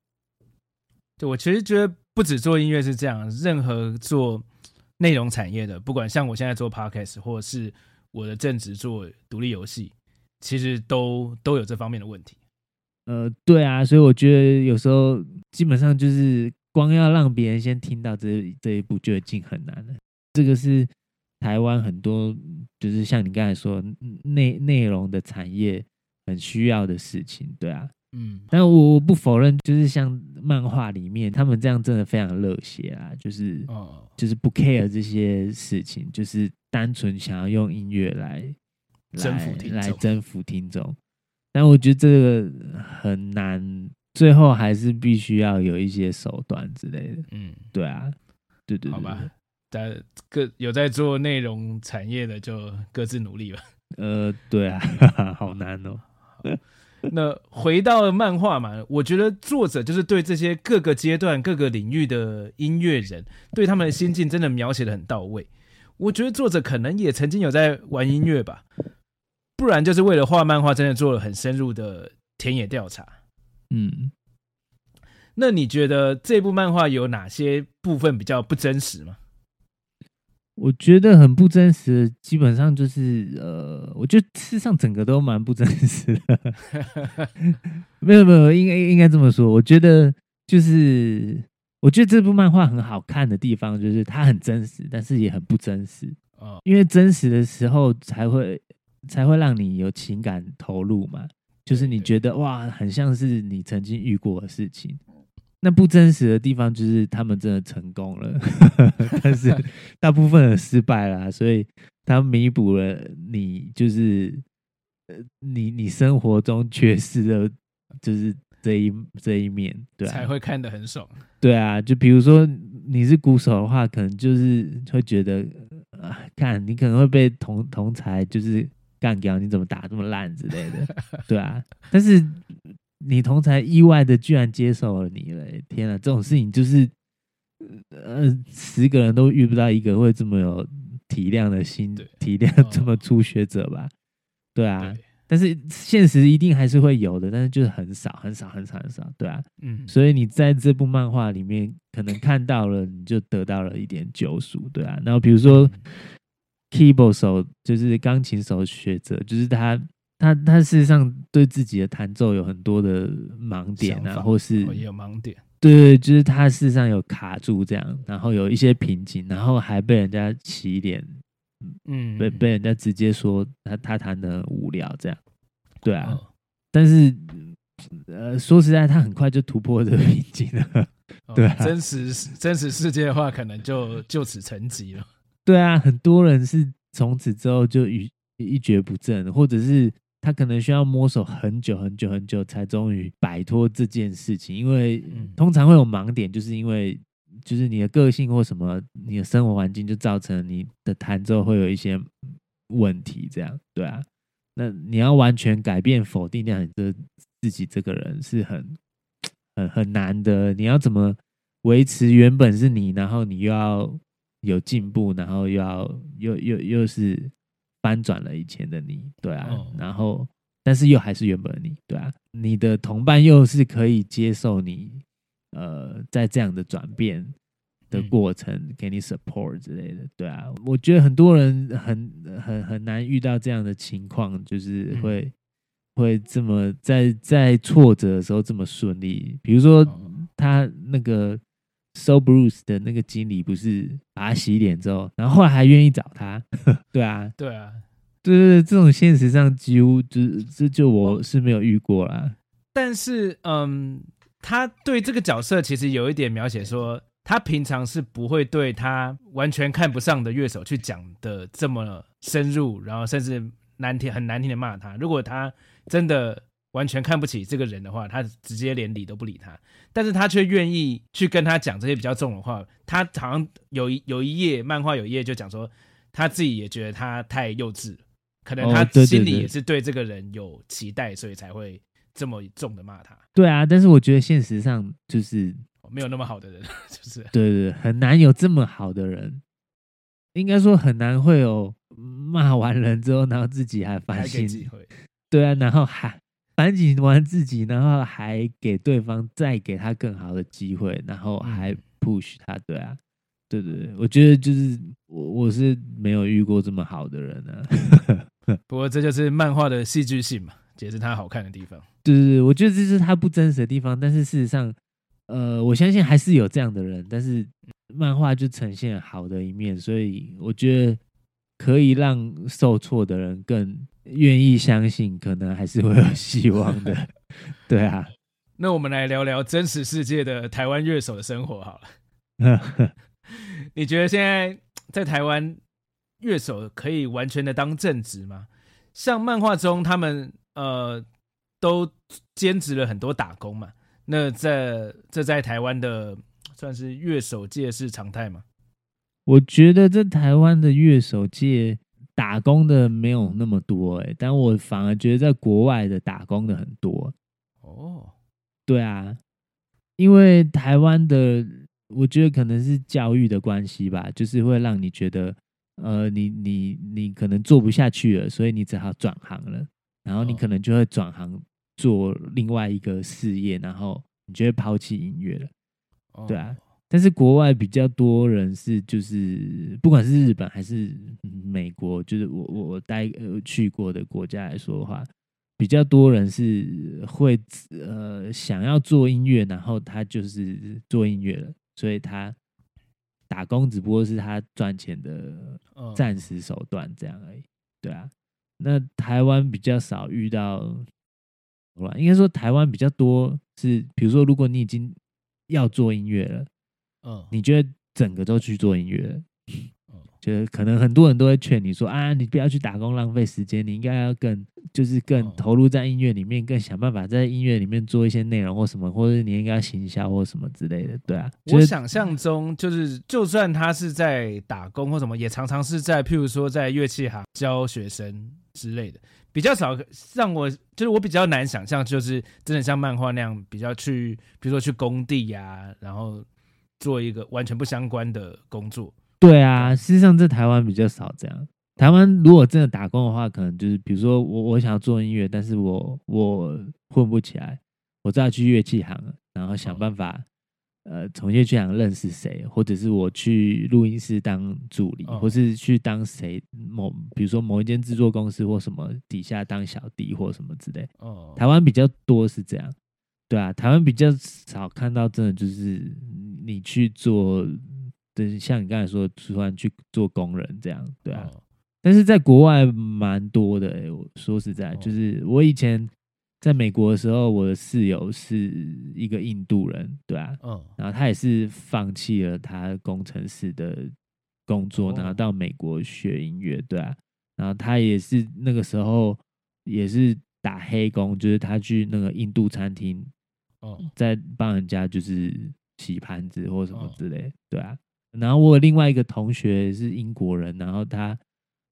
對，我其實覺得不止做音樂是這樣，任何做內容產業的，不管像我現在做 podcast 或者是我的正職做獨立遊戲，其實都都有這方面的問題。呃，對啊，所以我覺得有時候基本上就是光要讓別人先聽到這這一步就已經很難了。這個是台灣很多就是像你剛才說內內容的產業很需要的事情，對啊，嗯。但我我不否認，就是像漫畫裡面他們這樣真的非常熱血啊，就是、哦、就是不 care 這些事情，就是單純想要用音樂來來征服聽來征服聽眾。但我覺得這個很難，最後還是必須要有一些手段之類的。嗯，對啊，對對對，好吧。但各有在做內容產業的，就各自努力吧。呃，對啊，好難哦。那回到漫畫嘛，我覺得作者就是對這些各個階段、各個領域的音樂人，對他們的心境真的描寫的很到位。我覺得作者可能也曾經有在玩音樂吧。 不然就是為了畫漫畫，真的做了很深入的田野調查。嗯，那你覺得這部漫畫有哪些部分比較不真實嗎？我覺得很不真實的，基本上就是呃，我覺得世上整個都蠻不真實的。 沒有沒有，應該應該這麼說。我覺得就是，我覺得這部漫畫很好看的地方，就是它很真實，但是也很不真實啊、哦。因為真實的時候才會。才會讓你有情感投入嘛，就是你覺得哇，很像是你曾經遇過的事情。那不真實的地方就是他們真的成功了 但是大部分的失敗啦，所以他彌補了你，就是呃，你你生活中缺失的，就是這一這一面對，才會看得很爽。對啊，就比如說你是鼓手的話，可能就是會覺得啊，看你可能會被同同才就是。幹掉你怎麼打這麼爛之類的，對啊。 但是你同才意外的居然接受了你嘞！天哪，這種事情就是，呃，十個人都遇不到一個會這麼有體諒的心，體諒這麼初學者吧？對啊。對但是現實一定還是會有的，但是就是很，很少，很少，很少，很少。對啊。嗯。所以你在這部漫畫裡面可能看到了，你就得到了一點救贖，對、啊、然那比如說。嗯 Keyboard 手就是鋼琴手學者，就是他，他，他事實上對自己的彈奏有很多的盲點啊，嗯、或是、哦、也有盲點，對，就是他事實上有卡住這樣，然後有一些瓶頸，然後還被人家起點，嗯，被被人家直接說他他彈得無聊這樣，對啊，哦、但是呃，說實在，他很快就突破這個瓶頸了，哦、對、啊，真實真實世界的話，可能就就此沉寂了。對啊，很多人是從此之後就一一蹶不振，或者是他可能需要摸索很久很久很久，才終於擺脫這件事情。因為通常會有盲點，就是因為就是你的個性或什麼，你的生活環境就造成你的彈奏會有一些問題。這樣對啊，那你要完全改變否定掉你這自己，這個人是很很很難的。你要怎麼維持原本是你，然後你又要。有進步，然後又要又又又是翻轉了以前的你，對啊，oh. 然後但是又還是原本的你，對啊，你的同伴又是可以接受你，呃，在這樣的轉變的過程、嗯、給你 support 之類的，對啊，我覺得很多人很很很難遇到這樣的情況，就是會、嗯、會這麼在在挫折的時候這麼順利，比如說他那個。So Blue 的那個經理不是把他洗臉之後，然後後來還願意找他？對啊，對啊，對對，這種現實上幾乎這這就我是沒有遇過啦。但是，嗯，他對這個角色其實有一點描寫，說他平常是不會對他完全看不上的樂手去講的這麼深入，然後甚至難聽很難聽的罵他。如果他真的完全看不起這個人的話，他直接連理都不理他。但是他卻願意去跟他講這些比較重的話。他好像有一有一頁漫畫，有一頁就講說他自己也覺得他太幼稚了，可能他心裡也是對這個人有期待，所以才會這麼重的罵他。哦對對對。對啊，但是我覺得現實上就是，哦、沒有那麼好的人，是，就，不是？ 對，對對，很難有這麼好的人。應該說很難會有罵完人之後，然後自己還反省，對啊，然後還。反省完自己，然後還給對方，再給他更好的機會，然後還 push 他，對啊，對對對，我覺得就是我我是沒有遇過這麼好的人呢啊。 不過這就是漫畫的戲劇性嘛，也是它好看的地方。對對對，我覺得這是它不真實的地方，但是事實上，呃，我相信還是有這樣的人，但是漫畫就呈現好的一面，所以我覺得可以讓受挫的人更。願意相信，可能還是會有希望的， 對啊。那我們來聊聊真實世界的台灣樂手的生活好了。 你覺得現在在台灣樂手可以完全的當正職嗎？像漫畫中他們呃都兼職了很多打工嘛？那這這在台灣的算是樂手界是常態嗎？我覺得在台灣的樂手界，打工的沒有那麼多欸，但我反而覺得在國外的打工的很多。哦，對啊，因為台灣的，我覺得可能是教育的關係吧，就是會讓你覺得，呃，你你你可能做不下去了，所以你只好轉行了。然後你可能就會轉行做另外一個事業，然後你就會拋棄音樂了。對啊。但是國外比較多人是，就是不管是日本還是美國，就是我我待呃去過的國家來說的話，比較多人是會呃想要做音樂，然後他就是做音樂了，所以他打工只不過是他賺錢的暫時手段這樣而已。對啊，那台灣比較少遇到，應該說台灣比較多是，比如說如果你已經要做音樂了。嗯，你覺得整個都去做音樂，嗯，就可能很多人都會勸你說、嗯、啊，你不要去打工浪費時間，你應該要更就是更投入在音樂裡面，更想辦法在音樂裡面做一些內容或什麼，或者你應該要行銷或什麼之類的，對啊。就是、我想象中就是，就算他是在打工或什麼，也常常是在譬如說在樂器行教學生之類的，比較少讓我就是我比較難想象就是真的像漫畫那樣比較去，比如說去工地呀、啊，然後。做一個完全不相關的工作，對啊，對，事實上在台灣比較少這樣。台灣如果真的打工的話，可能就是比如說我我想要做音樂，但是我我混不起來，我再要去樂器行，然後想辦法、哦、呃從樂器行認識誰，或者是我去錄音室當助理、哦，或是去當誰某比如說某一間製作公司或什麼底下當小弟或什麼之類。哦，台灣比較多是這樣。對啊，台灣比較少看到真的就是你去做，就是像你剛才說突然去做工人這樣，對啊。Oh. 但是在國外蠻多的、欸，哎，我說實在，就是我以前在美國的時候，我的室友是一個印度人，對啊，嗯、oh.，然後他也是放棄了他工程師的工作，然後到美國學音樂，對啊，然後他也是那個時候也是打黑工，就是他去那個印度餐廳。在幫人家就是洗盤子或什麼之類，對啊。然後我有另外一個同學是英國人，然後他，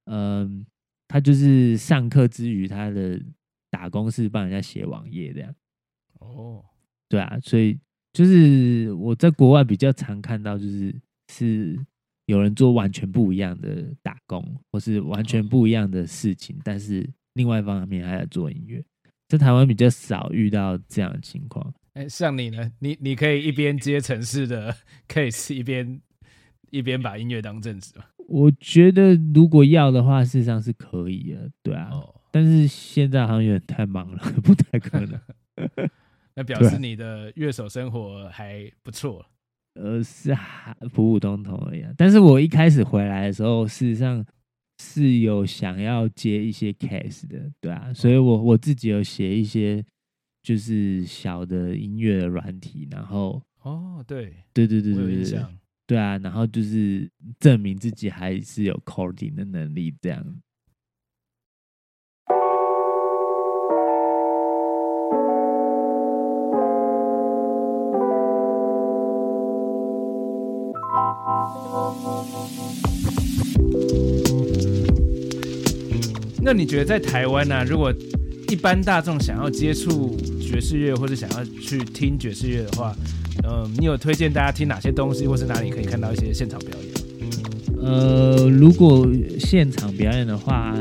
嗯，他就是上課之餘他的打工是幫人家寫網頁這樣。哦，對啊，所以就是我在國外比較常看到就是是有人做完全不一樣的打工或是完全不一樣的事情，但是另外一方面還在做音樂，在台灣比較少遇到這樣的情況。哎，像你呢，你你可以一邊接程式的 case，一邊一邊把音樂當正職嗎？我覺得如果要的話，事實上是可以的，對啊。Oh. 但是現在好像有點太忙了，不太可能。 那表示你的樂手生活還不錯。啊、呃，是還普普通通而已。但是我一開始回來的時候，oh. 事實上是有想要接一些 case 的，對啊。Oh. 所以我我自己有寫一些。就是小的音樂的軟體，然後哦，對，對對對對對，對啊，然後就是證明自己還是有 coding 的能力這樣。那你覺得在台灣呢、啊？如果一般大眾想要接觸爵士樂，或者想要去聽爵士樂的話，嗯、呃，你有推薦大家聽哪些東西，或是哪裡可以看到一些現場表演？嗯、呃，如果現場表演的話，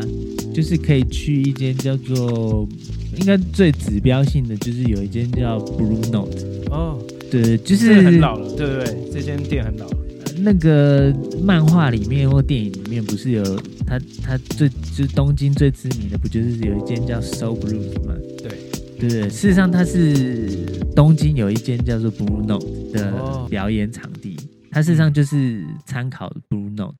就是可以去一間叫做，應該最指標性的就是有一間叫 Blue Note。哦，對，就是、這個、很老了，對對對，這間店很老了。那個漫畫裡面或電影裡面不是有他他最就是東京最知名的不就是有一間叫 So Blue 嗎？對對不對？事實上它是東京有一間叫做 Blue Note 的表演場地，oh. 它事實上就是參考 Blue Note，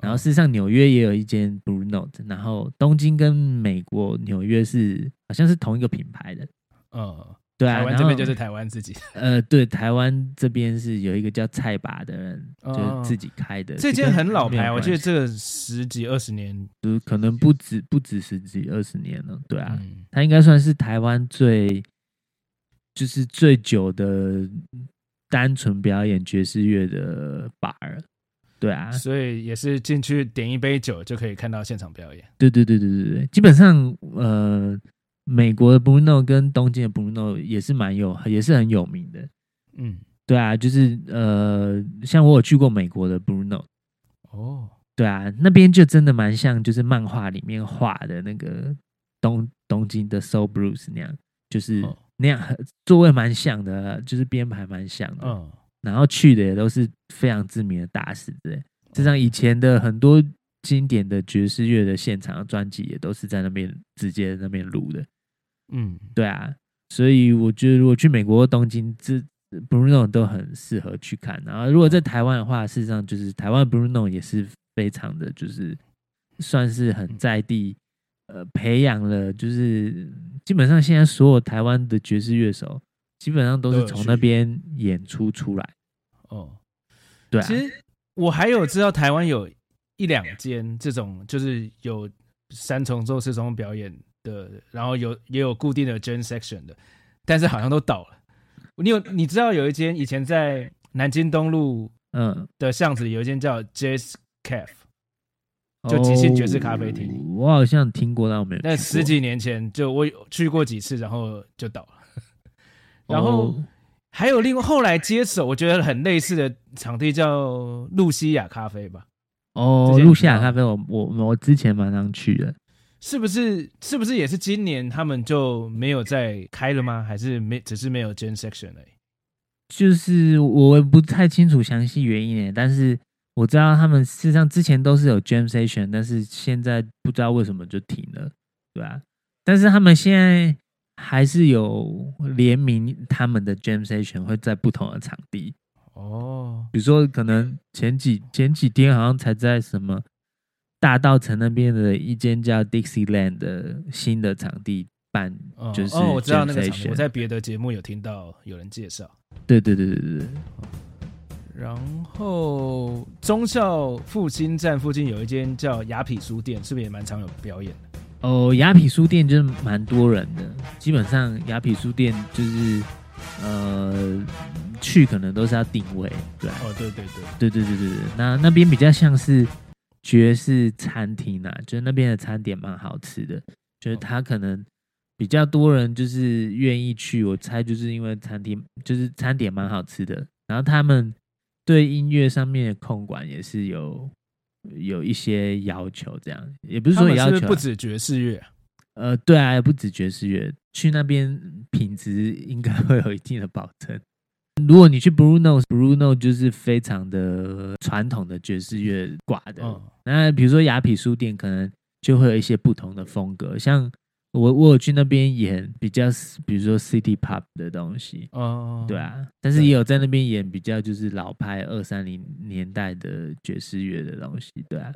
然後事實上紐約也有一間 Blue Note，然後東京跟美國紐約是好像是同一個品牌的。Oh. 對啊，台灣這邊就是台灣自己。呃，對，台灣這邊是有一個叫菜吧的人，哦，就是自己開的，這間很老牌，我覺得這個十幾二十年，可能不止不止十幾二十年了。對啊，嗯、他應該算是台灣最就是最久的單純表演爵士樂的 bar，對啊，所以也是進去點一杯酒就可以看到現場表演。對對對對對對，基本上呃。美國的 Blue Note 跟東京的 Blue Note 也是蠻有，也是很有名的。嗯，對啊，就是呃，像我有去過美國的 Blue Note 哦，對啊，那邊就真的蠻像，就是漫畫裡面畫的那個東東京的 So Blues 那樣，就是那樣很、哦、座位蠻像的，就是編排蠻像的。嗯、哦，然後去的也都是非常知名的大師對，甚至以前的很多經典的爵士樂的現場專輯也都是在那邊直接在那邊錄的。嗯，對啊，所以我覺得如果去美國東京，這 Blue Note 都很適合去看。然後如果在台灣的話，事實上就是台灣的 Blue Note 也是非常的，就是算是很在地，嗯、呃，培養了，就是基本上現在所有台灣的爵士樂手，基本上都是從那邊演出出來。哦，對啊。其實我還有知道台灣有一兩間這種，就是有三重奏四重表演。的，然後有也有固定的 jam session 的，但是好像都倒了。你有你知道有一間以前在南京東路嗯的巷子裡有一間叫 jazz cafe，嗯，就即興爵士咖啡廳。哦。我好像聽過，但我沒有。但十幾年前就我去過幾次，然後就倒了。 然後還有另外後來接手我覺得很類似的場地叫露西亞咖啡吧。哦，露西亞咖啡我，我我我之前蠻常去的。是不是，是不是也是今年他們就沒有再開了嗎？還是沒只是沒有 jam session 而已？就是我不太清楚詳細原因誒、欸，但是我知道他們事實上之前都是有 jam session，但是現在不知道為什麼就停了，對吧、啊？但是他們現在還是有聯名他們的 jam session，會在不同的場地哦，oh. 比如說可能前幾前幾天好像才在什麼。大道城那邊的一間叫 Dixieland 的新的場地辦，就是、哦哦、我知道那個場地，我在別的節目有聽到有人介紹。對對對,對,對,對。然後忠孝復興站附近有一間叫雅痞書店，是不是也蠻常有表演的？哦，雅痞書店就是蠻多人的，基本上雅痞書店就是呃去可能都是要定位，對，哦，對對對對對對對對對，那那邊比較像是。爵士餐廳啊，就是那邊的餐點蠻好吃的，就是他可能比較多人就是願意去，我猜就是因為餐廳就是餐點蠻好吃的，然後他們對音樂上面的控管也是有有一些要求，這樣也不是說要求、啊、是不，是不止爵士樂，呃，對啊，不止爵士樂，去那邊品質應該會有一定的保證。如果你去 Blue Note，Blue Note Blue Note 就是非常的傳統的爵士樂掛的。Oh. 那比如說雅痞書店，可能就會有一些不同的風格。像我，我有去那邊演比較，比如說 City Pop 的東西。哦、oh.，對啊。但是也有在那邊演比較就是老派二三零年代的爵士樂的東西。對啊。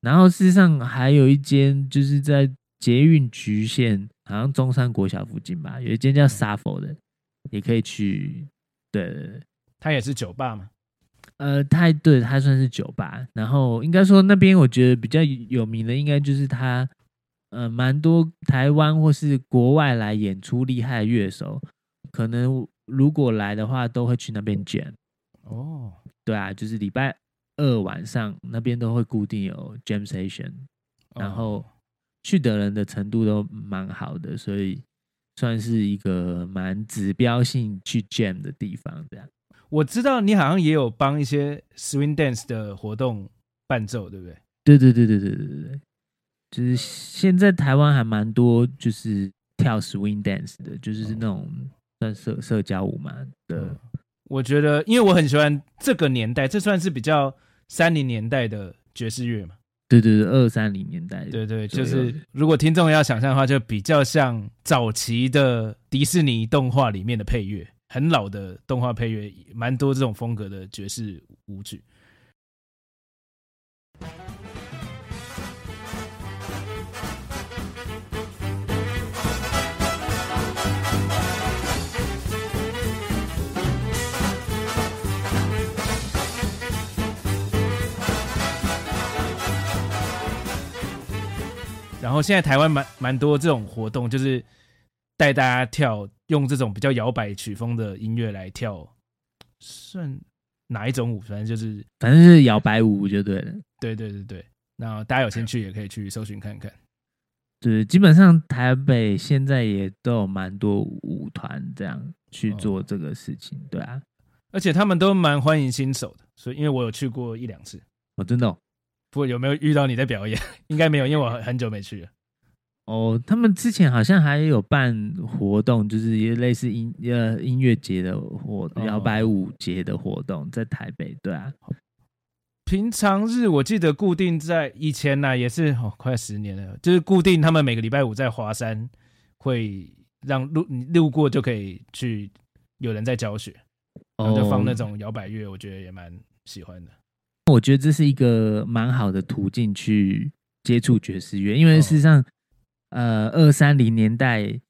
然後事實上還有一間就是在捷運橘線，好像中山國小附近吧，有一間叫 Sappho 的，oh. 也可以去。對，他也是酒吧嘛？呃，他對他算是酒吧，然後應該說那邊我覺得比較有名的，應該就是他，呃，蠻多台灣或是國外來演出厲害的樂手，可能如果來的話，都會去那邊 jam。哦，oh. 對啊，就是禮拜二晚上那邊都會固定有 jam session，然後去的人的程度都蠻好的，所以。算是一個蠻指標性去 jam 的地方，這樣。我知道你好像也有幫一些 swing dance 的活動伴奏，對不對？對對對對對對對對，就是現在台灣還蠻多，就是跳 swing dance 的，就是那種算社社交舞嘛。對。嗯，我覺得因為我很喜歡這個年代，這算是比較三零年代的爵士樂嘛。對對對，二三零年代，對對，就是如果聽眾要想象的話，就比較像早期的迪士尼動畫裡面的配樂，很老的動畫配樂，蠻多這種風格的爵士舞曲。然後現在台灣蠻蠻多這種活動，就是帶大家跳，用這種比較搖擺曲風的音樂來跳，算哪一種舞？反正就是反正是搖擺舞就對了。對對對對，然後大家有興趣也可以去搜尋看看。嗯、對，基本上台北現在也都有蠻多舞團這樣去做這個事情。哦，對啊。而且他們都蠻歡迎新手的，所以因為我有去過一兩次。哦，真的。不，有沒有遇到你的表演？ 應該沒有，因為我很久沒去了。哦，他們之前好像還有辦活動，就是也類似音呃音樂節的活搖擺、哦、舞節的活動，在台北，對啊。平常日我記得固定在以前呢、啊、也是哦，快十年了，就是固定他們每個禮拜五在華山會讓路路過就可以去，有人在教學，然後就放那種搖擺樂，我覺得也蠻喜歡的。哦我覺得這是一個蠻好的途徑去接觸爵士樂，因為事實上，哦、呃，二三零年代，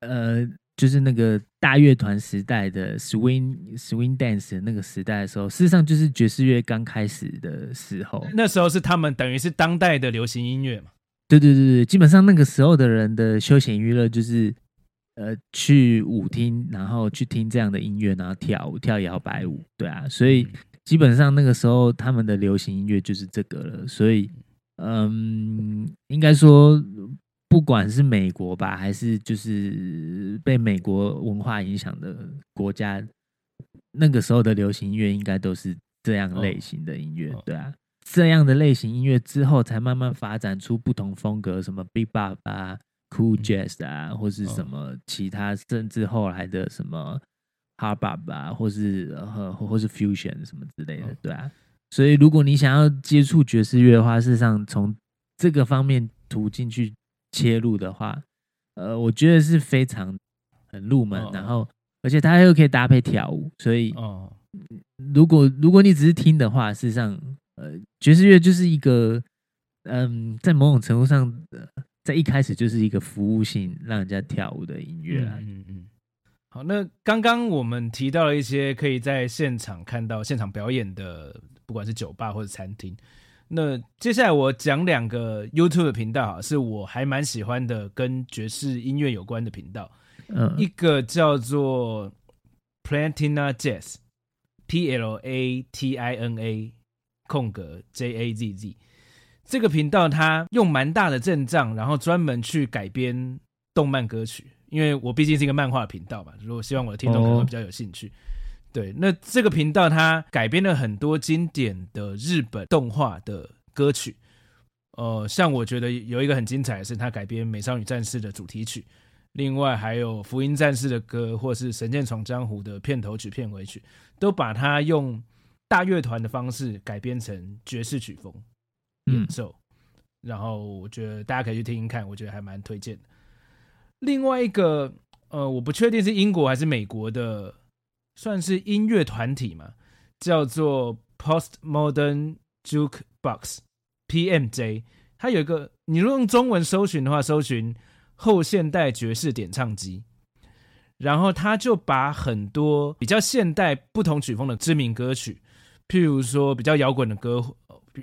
呃，就是那個大樂團時代的 swing swing dance 那個時代的時候，事實上就是爵士樂剛開始的時候。那時候是他們等於是當代的流行音樂嘛？對對對，基本上那個時候的人的休閒娛樂就是，呃，去舞廳，然後去聽這樣的音樂，然後跳舞跳搖擺舞，對啊，所以。基本上那個時候他們的流行音樂就是這個了，所以，嗯，應該說，不管是美國吧，還是就是被美國文化影響的國家，那個時候的流行音樂應該都是這樣類型的音樂，oh, 對啊，oh. 這樣的類型音樂之後才慢慢發展出不同風格，什麼 Bebop 啊、Cool Jazz 啊，oh. 或是什麼其他，甚至後來的什麼。哈巴爸，或是或、呃、或是 fusion 什麼之類的，哦，對啊。所以如果你想要接觸爵士樂的話，事實上從這個方面途徑去切入的話，呃，我覺得是非常很入門，哦哦，然後而且它又可以搭配跳舞，所以哦，如果如果你只是聽的話，事實上，呃，爵士樂就是一個，嗯、呃，在某種程度上，在一開始就是一個服務性讓人家跳舞的音樂啊，嗯嗯，嗯。那剛剛我們提到了一些可以在現場看到現場表演的，不管是酒吧或者餐廳。那接下來我講兩個 YouTube 的頻道，是我還蠻喜歡的，跟爵士音樂有關的頻道，嗯。一個叫做 Platina Jazz，P L A T I N A 空格 J A Z Z。這個頻道它用蠻大的陣仗，然後專門去改編動漫歌曲。因為我畢竟是一個漫畫頻道嘛，如果希望我的聽眾可能會比較有興趣，哦哦，對，那這個頻道它改編了很多經典的日本動畫的歌曲，呃，像我覺得有一個很精彩的是它改編《美少女戰士》的主題曲，另外還有《福音戰士》的歌，或是《神劍闖江湖》的片頭曲、片尾曲，都把它用大樂團的方式改編成爵士曲風演奏，嗯，然後我覺得大家可以去聽聽看，我覺得還蠻推薦的。另外一個，呃，我不確定是英國還是美國的，算是音樂團體嘛，叫做 Postmodern Jukebox，PMJ。它有一個，你如果用中文搜尋的話，搜尋“後現代爵士點唱機”，然後他就把很多比較現代、不同曲風的知名歌曲，譬如說比較搖滾的歌、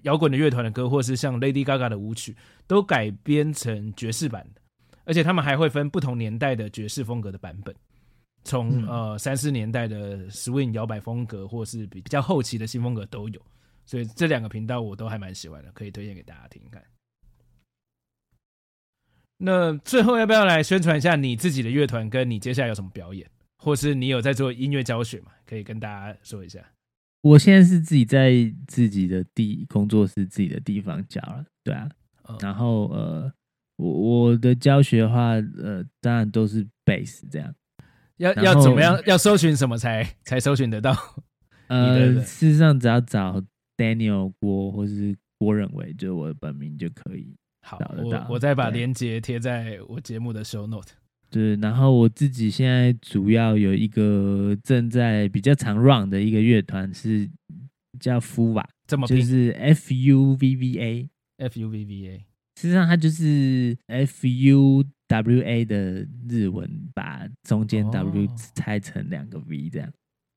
搖滾的樂團的歌，或是像 Lady Gaga 的舞曲，都改編成爵士版的。而且他們還會分不同年代的爵士風格的版本，從呃三四年代的 Swing 搖擺風格，或是比比較後期的新風格都有。所以這兩個頻道我都還蠻喜歡的，可以推薦給大家聽看。那最後要不要來宣傳一下你自己的樂團，跟你接下來有什麼表演，或是你有在做音樂教學嗎？可以跟大家說一下。我現在是自己在自己的地工作室，自己的地方教了，對啊。然後呃。我我的教學的話，呃，當然都是貝斯這樣。要要怎麼樣？要搜尋什麼才才搜尋得到？呃對對對，事實上只要找 Daniel 郭，或是郭任瑋，就我的本名就可以找得到。好的，我再把鏈接貼在我節目的 show note。對，然後我自己現在主要有一個正在比較常 run 的一個樂團是叫 fuvva，怎麼就是 F U V V A，F U V V A。事實際上，它就是 F U W A 的日文，把中間 W 拆成兩個 V 這樣。哦、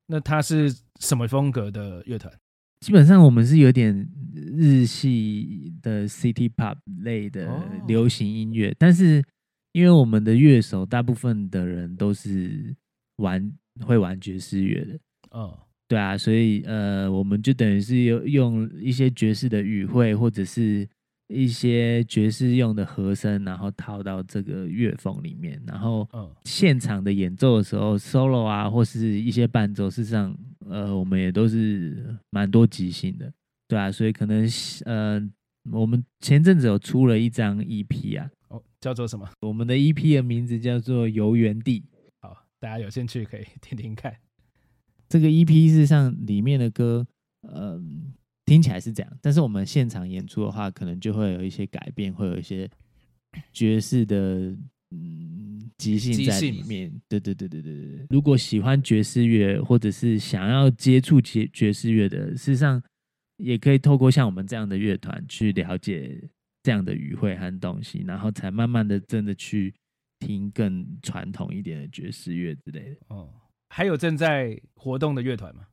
那它是什麼風格的樂團？基本上我們是有點日系的 City Pop 類的流行音樂，哦，但是因為我們的樂手大部分的人都是玩會玩爵士樂的，哦，對啊，所以呃，我們就等於是有用一些爵士的語彙或者是。一些爵士用的和聲，然後套到這個樂風裡面，然後現場的演奏的時候，嗯，solo 啊，或是一些伴奏，事實上，呃，我們也都是蠻多即興的，對啊，所以可能，呃，我們前陣子有出了一張 EP 啊，哦，叫做什麼？我們的 EP 的名字叫做《遊園地》，好，大家有興趣可以聽聽看。這個 EP 事實上裡面的歌，呃。聽起來是這樣，但是我們現場演出的話，可能就會有一些改變，會有一些爵士的嗯即興在裡面。對對對對對對。如果喜歡爵士樂，或者是想要接觸傑爵士樂的，事實上也可以透過像我們這樣的樂團去了解這樣的語彙和東西，然後才慢慢的真的去聽更傳統一點的爵士樂之類的。哦，還有正在活動的樂團嗎？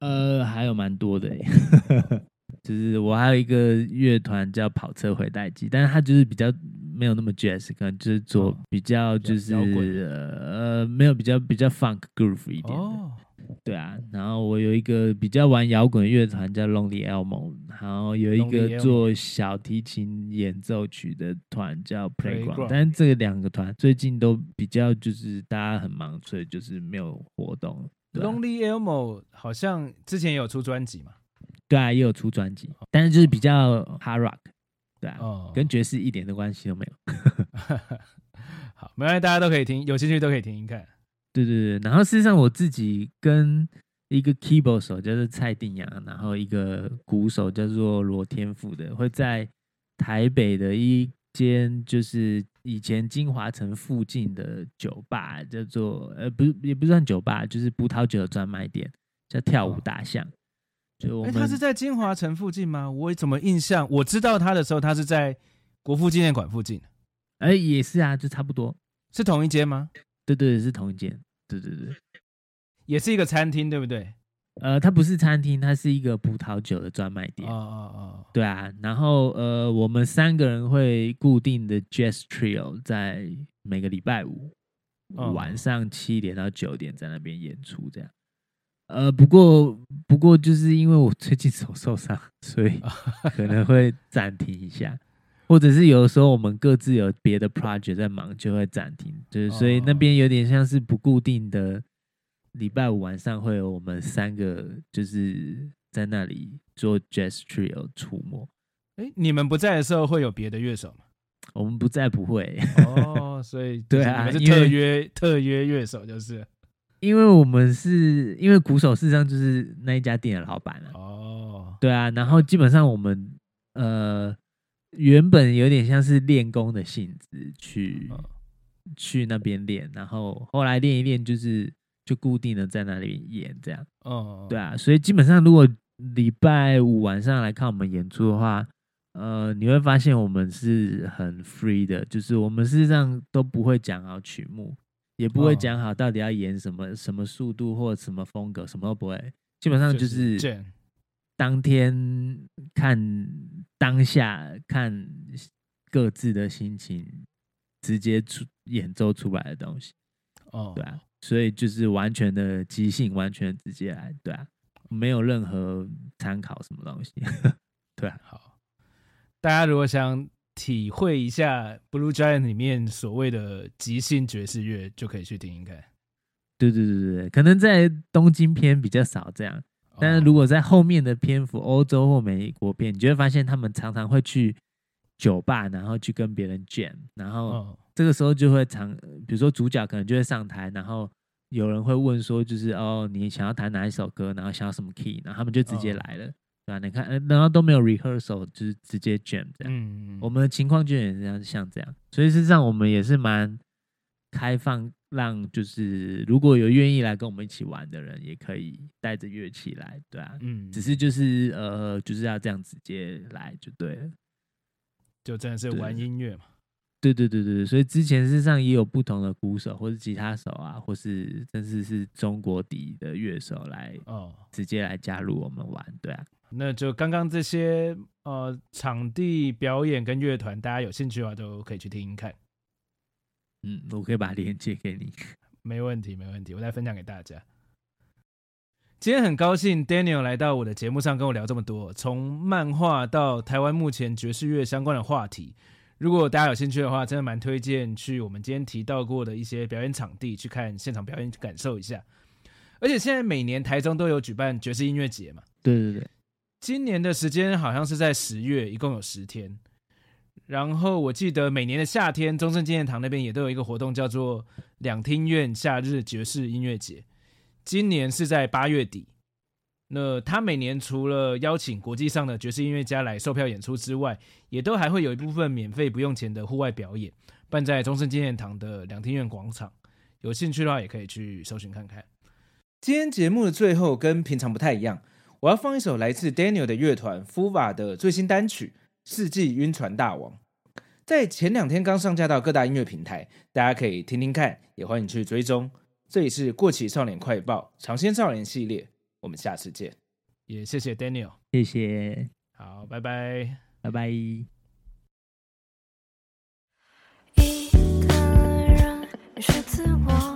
呃，還有蠻多的， 就是我還有一個樂團叫跑車回帶機，但是他就是比較沒有那麼 jazz，可能就是做比較就是、嗯、較呃沒有比較比較 funk groove 一點，哦。對啊，然後我有一個比較玩搖滾的樂團叫 Lonely Elmo，然後有一個做小提琴演奏曲的團叫 Playground，、嗯、但是這兩個團個最近都比較就是大家很忙，所以就是沒有活動。啊、Lonely Elmo 好像之前也有出專輯嘛？對啊，也有出專輯，但是就是比較 hard rock，對啊，Oh. 跟爵士一點的關係都沒有。 好，沒關係，大家都可以聽，有興趣都可以聽聽看。對對對，然後事實上我自己跟一個 keyboard 手，叫、就、做、是、蔡定雅，然後一個鼓手叫做羅天賦的，會在台北的一。間就是以前京華城附近的酒吧，叫做呃，不是，也不算酒吧，就是葡萄酒的專賣店，叫跳舞大象。哦、就我們哎，欸、他是在京華城附近嗎？我怎麼印象？我知道他的時候，他是在國父紀念館附近。哎、欸，也是啊，就差不多，是同一間嗎？對，對對，是同一間。對對對，也是一個餐廳，對不對？呃，它不是餐廳，它是一個葡萄酒的專賣店。哦哦哦，對啊。然後呃，我們三個人會固定的 Jazz Trio 在每個禮拜五，oh. 晚上七點到九點在那邊演出，這樣。呃，不過不過就是因為我最近手受傷，所以可能會暫停一下， 或者是有的時候我們各自有別的 project 在忙，就會暫停。就是所以那邊有點像是不固定的。禮拜五晚上會有我們三個，就是在那裡做 Jazz Trio 出沒。誒，你們不在的時候會有別的樂手嗎？我們不在不會。哦，所以對啊，是特約特約樂手，就是因為我們是因為鼓手事實上就是那一家店的老板啊。哦，對啊，然後基本上我們呃原本有點像是練功的性質去、哦、去那邊練，然後後來練一練就是。就固定的在那裡演這樣，哦、oh，對啊，所以基本上如果禮拜五晚上來看我們演出的話，呃，你會發現我們是很 free 的，就是我們事實上都不會講好曲目，也不會講好到底要演什麼、oh、什麼速度或什麼風格，什麼都不會，基本上就是當天看當下看各自的心情，直接出演奏出來的東西，哦、oh，對啊。所以就是完全的即興，完全直接來，對啊，沒有任何參考什麼東西， 對啊，好。大家如果想體會一下《Blue Giant》裡面所謂的即興爵士樂，就可以去聽聽看。對對對對，可能在東京篇比較少這樣，但是如果在後面的篇幅，歐、哦、洲或美國篇，你就會發現他們常常會去。酒吧，然後去跟別人 jam，然後這個時候就會常，比如說主角可能就會上台，然後有人會問說，就是哦，你想要彈哪一首歌，然後想要什麼 key，然後他們就直接來了，oh. 對吧、啊，你看、呃，然後都沒有 rehearsal，就是直接 jam，這樣，嗯嗯，我們的情況就也是這樣，像這樣，所以事實上我們也是蠻開放，讓就是如果有願意來跟我們一起玩的人，也可以帶着樂器來，對啊，嗯，只是就是呃，就是要這樣直接來就對了。就真的是玩音樂嘛？對對對對對，所以之前身上也有不同的鼓手或是吉他手啊，或是甚至是中國笛的樂手來哦，直接來加入我們玩，對啊。那就剛剛這些呃場地表演跟樂團，大家有興趣的話都可以去聽聽看。嗯，我可以把鏈接給你，沒問題沒問題，我再分享給大家。今天很高興 Daniel 來到我的節目上跟我聊這麼多，從漫畫到台灣目前爵士樂相關的話題。如果大家有興趣的話，真的蠻推薦去我們今天提到過的一些表演場地去看現場表演，感受一下。而且現在每年台中都有舉辦爵士音樂節嘛？對對對，今年的時間好像是在十月，一共有十天。然後我記得每年的夏天，中正紀念堂那邊也都有一個活動，叫做兩廳院夏日爵士音樂節。今年是在八月底，那他每年除了邀請國際上的爵士音樂家來售票演出之外，也都還會有一部分免費不用錢的戶外表演，辦在中正紀念堂的兩廳院廣場。有興趣的話，也可以去搜尋看看。今天節目的最後跟平常不太一樣，我要放一首來自 Daniel 的樂團 fuvva 的最新單曲《世紀暈船大王》，在前兩天剛上架到各大音樂平台，大家可以聽聽看，也歡迎去追蹤。這裡是《過期少年快報》嘗鮮少年系列，我們下次見。也謝謝 Daniel，謝謝，好，拜拜，拜拜。一個人是自我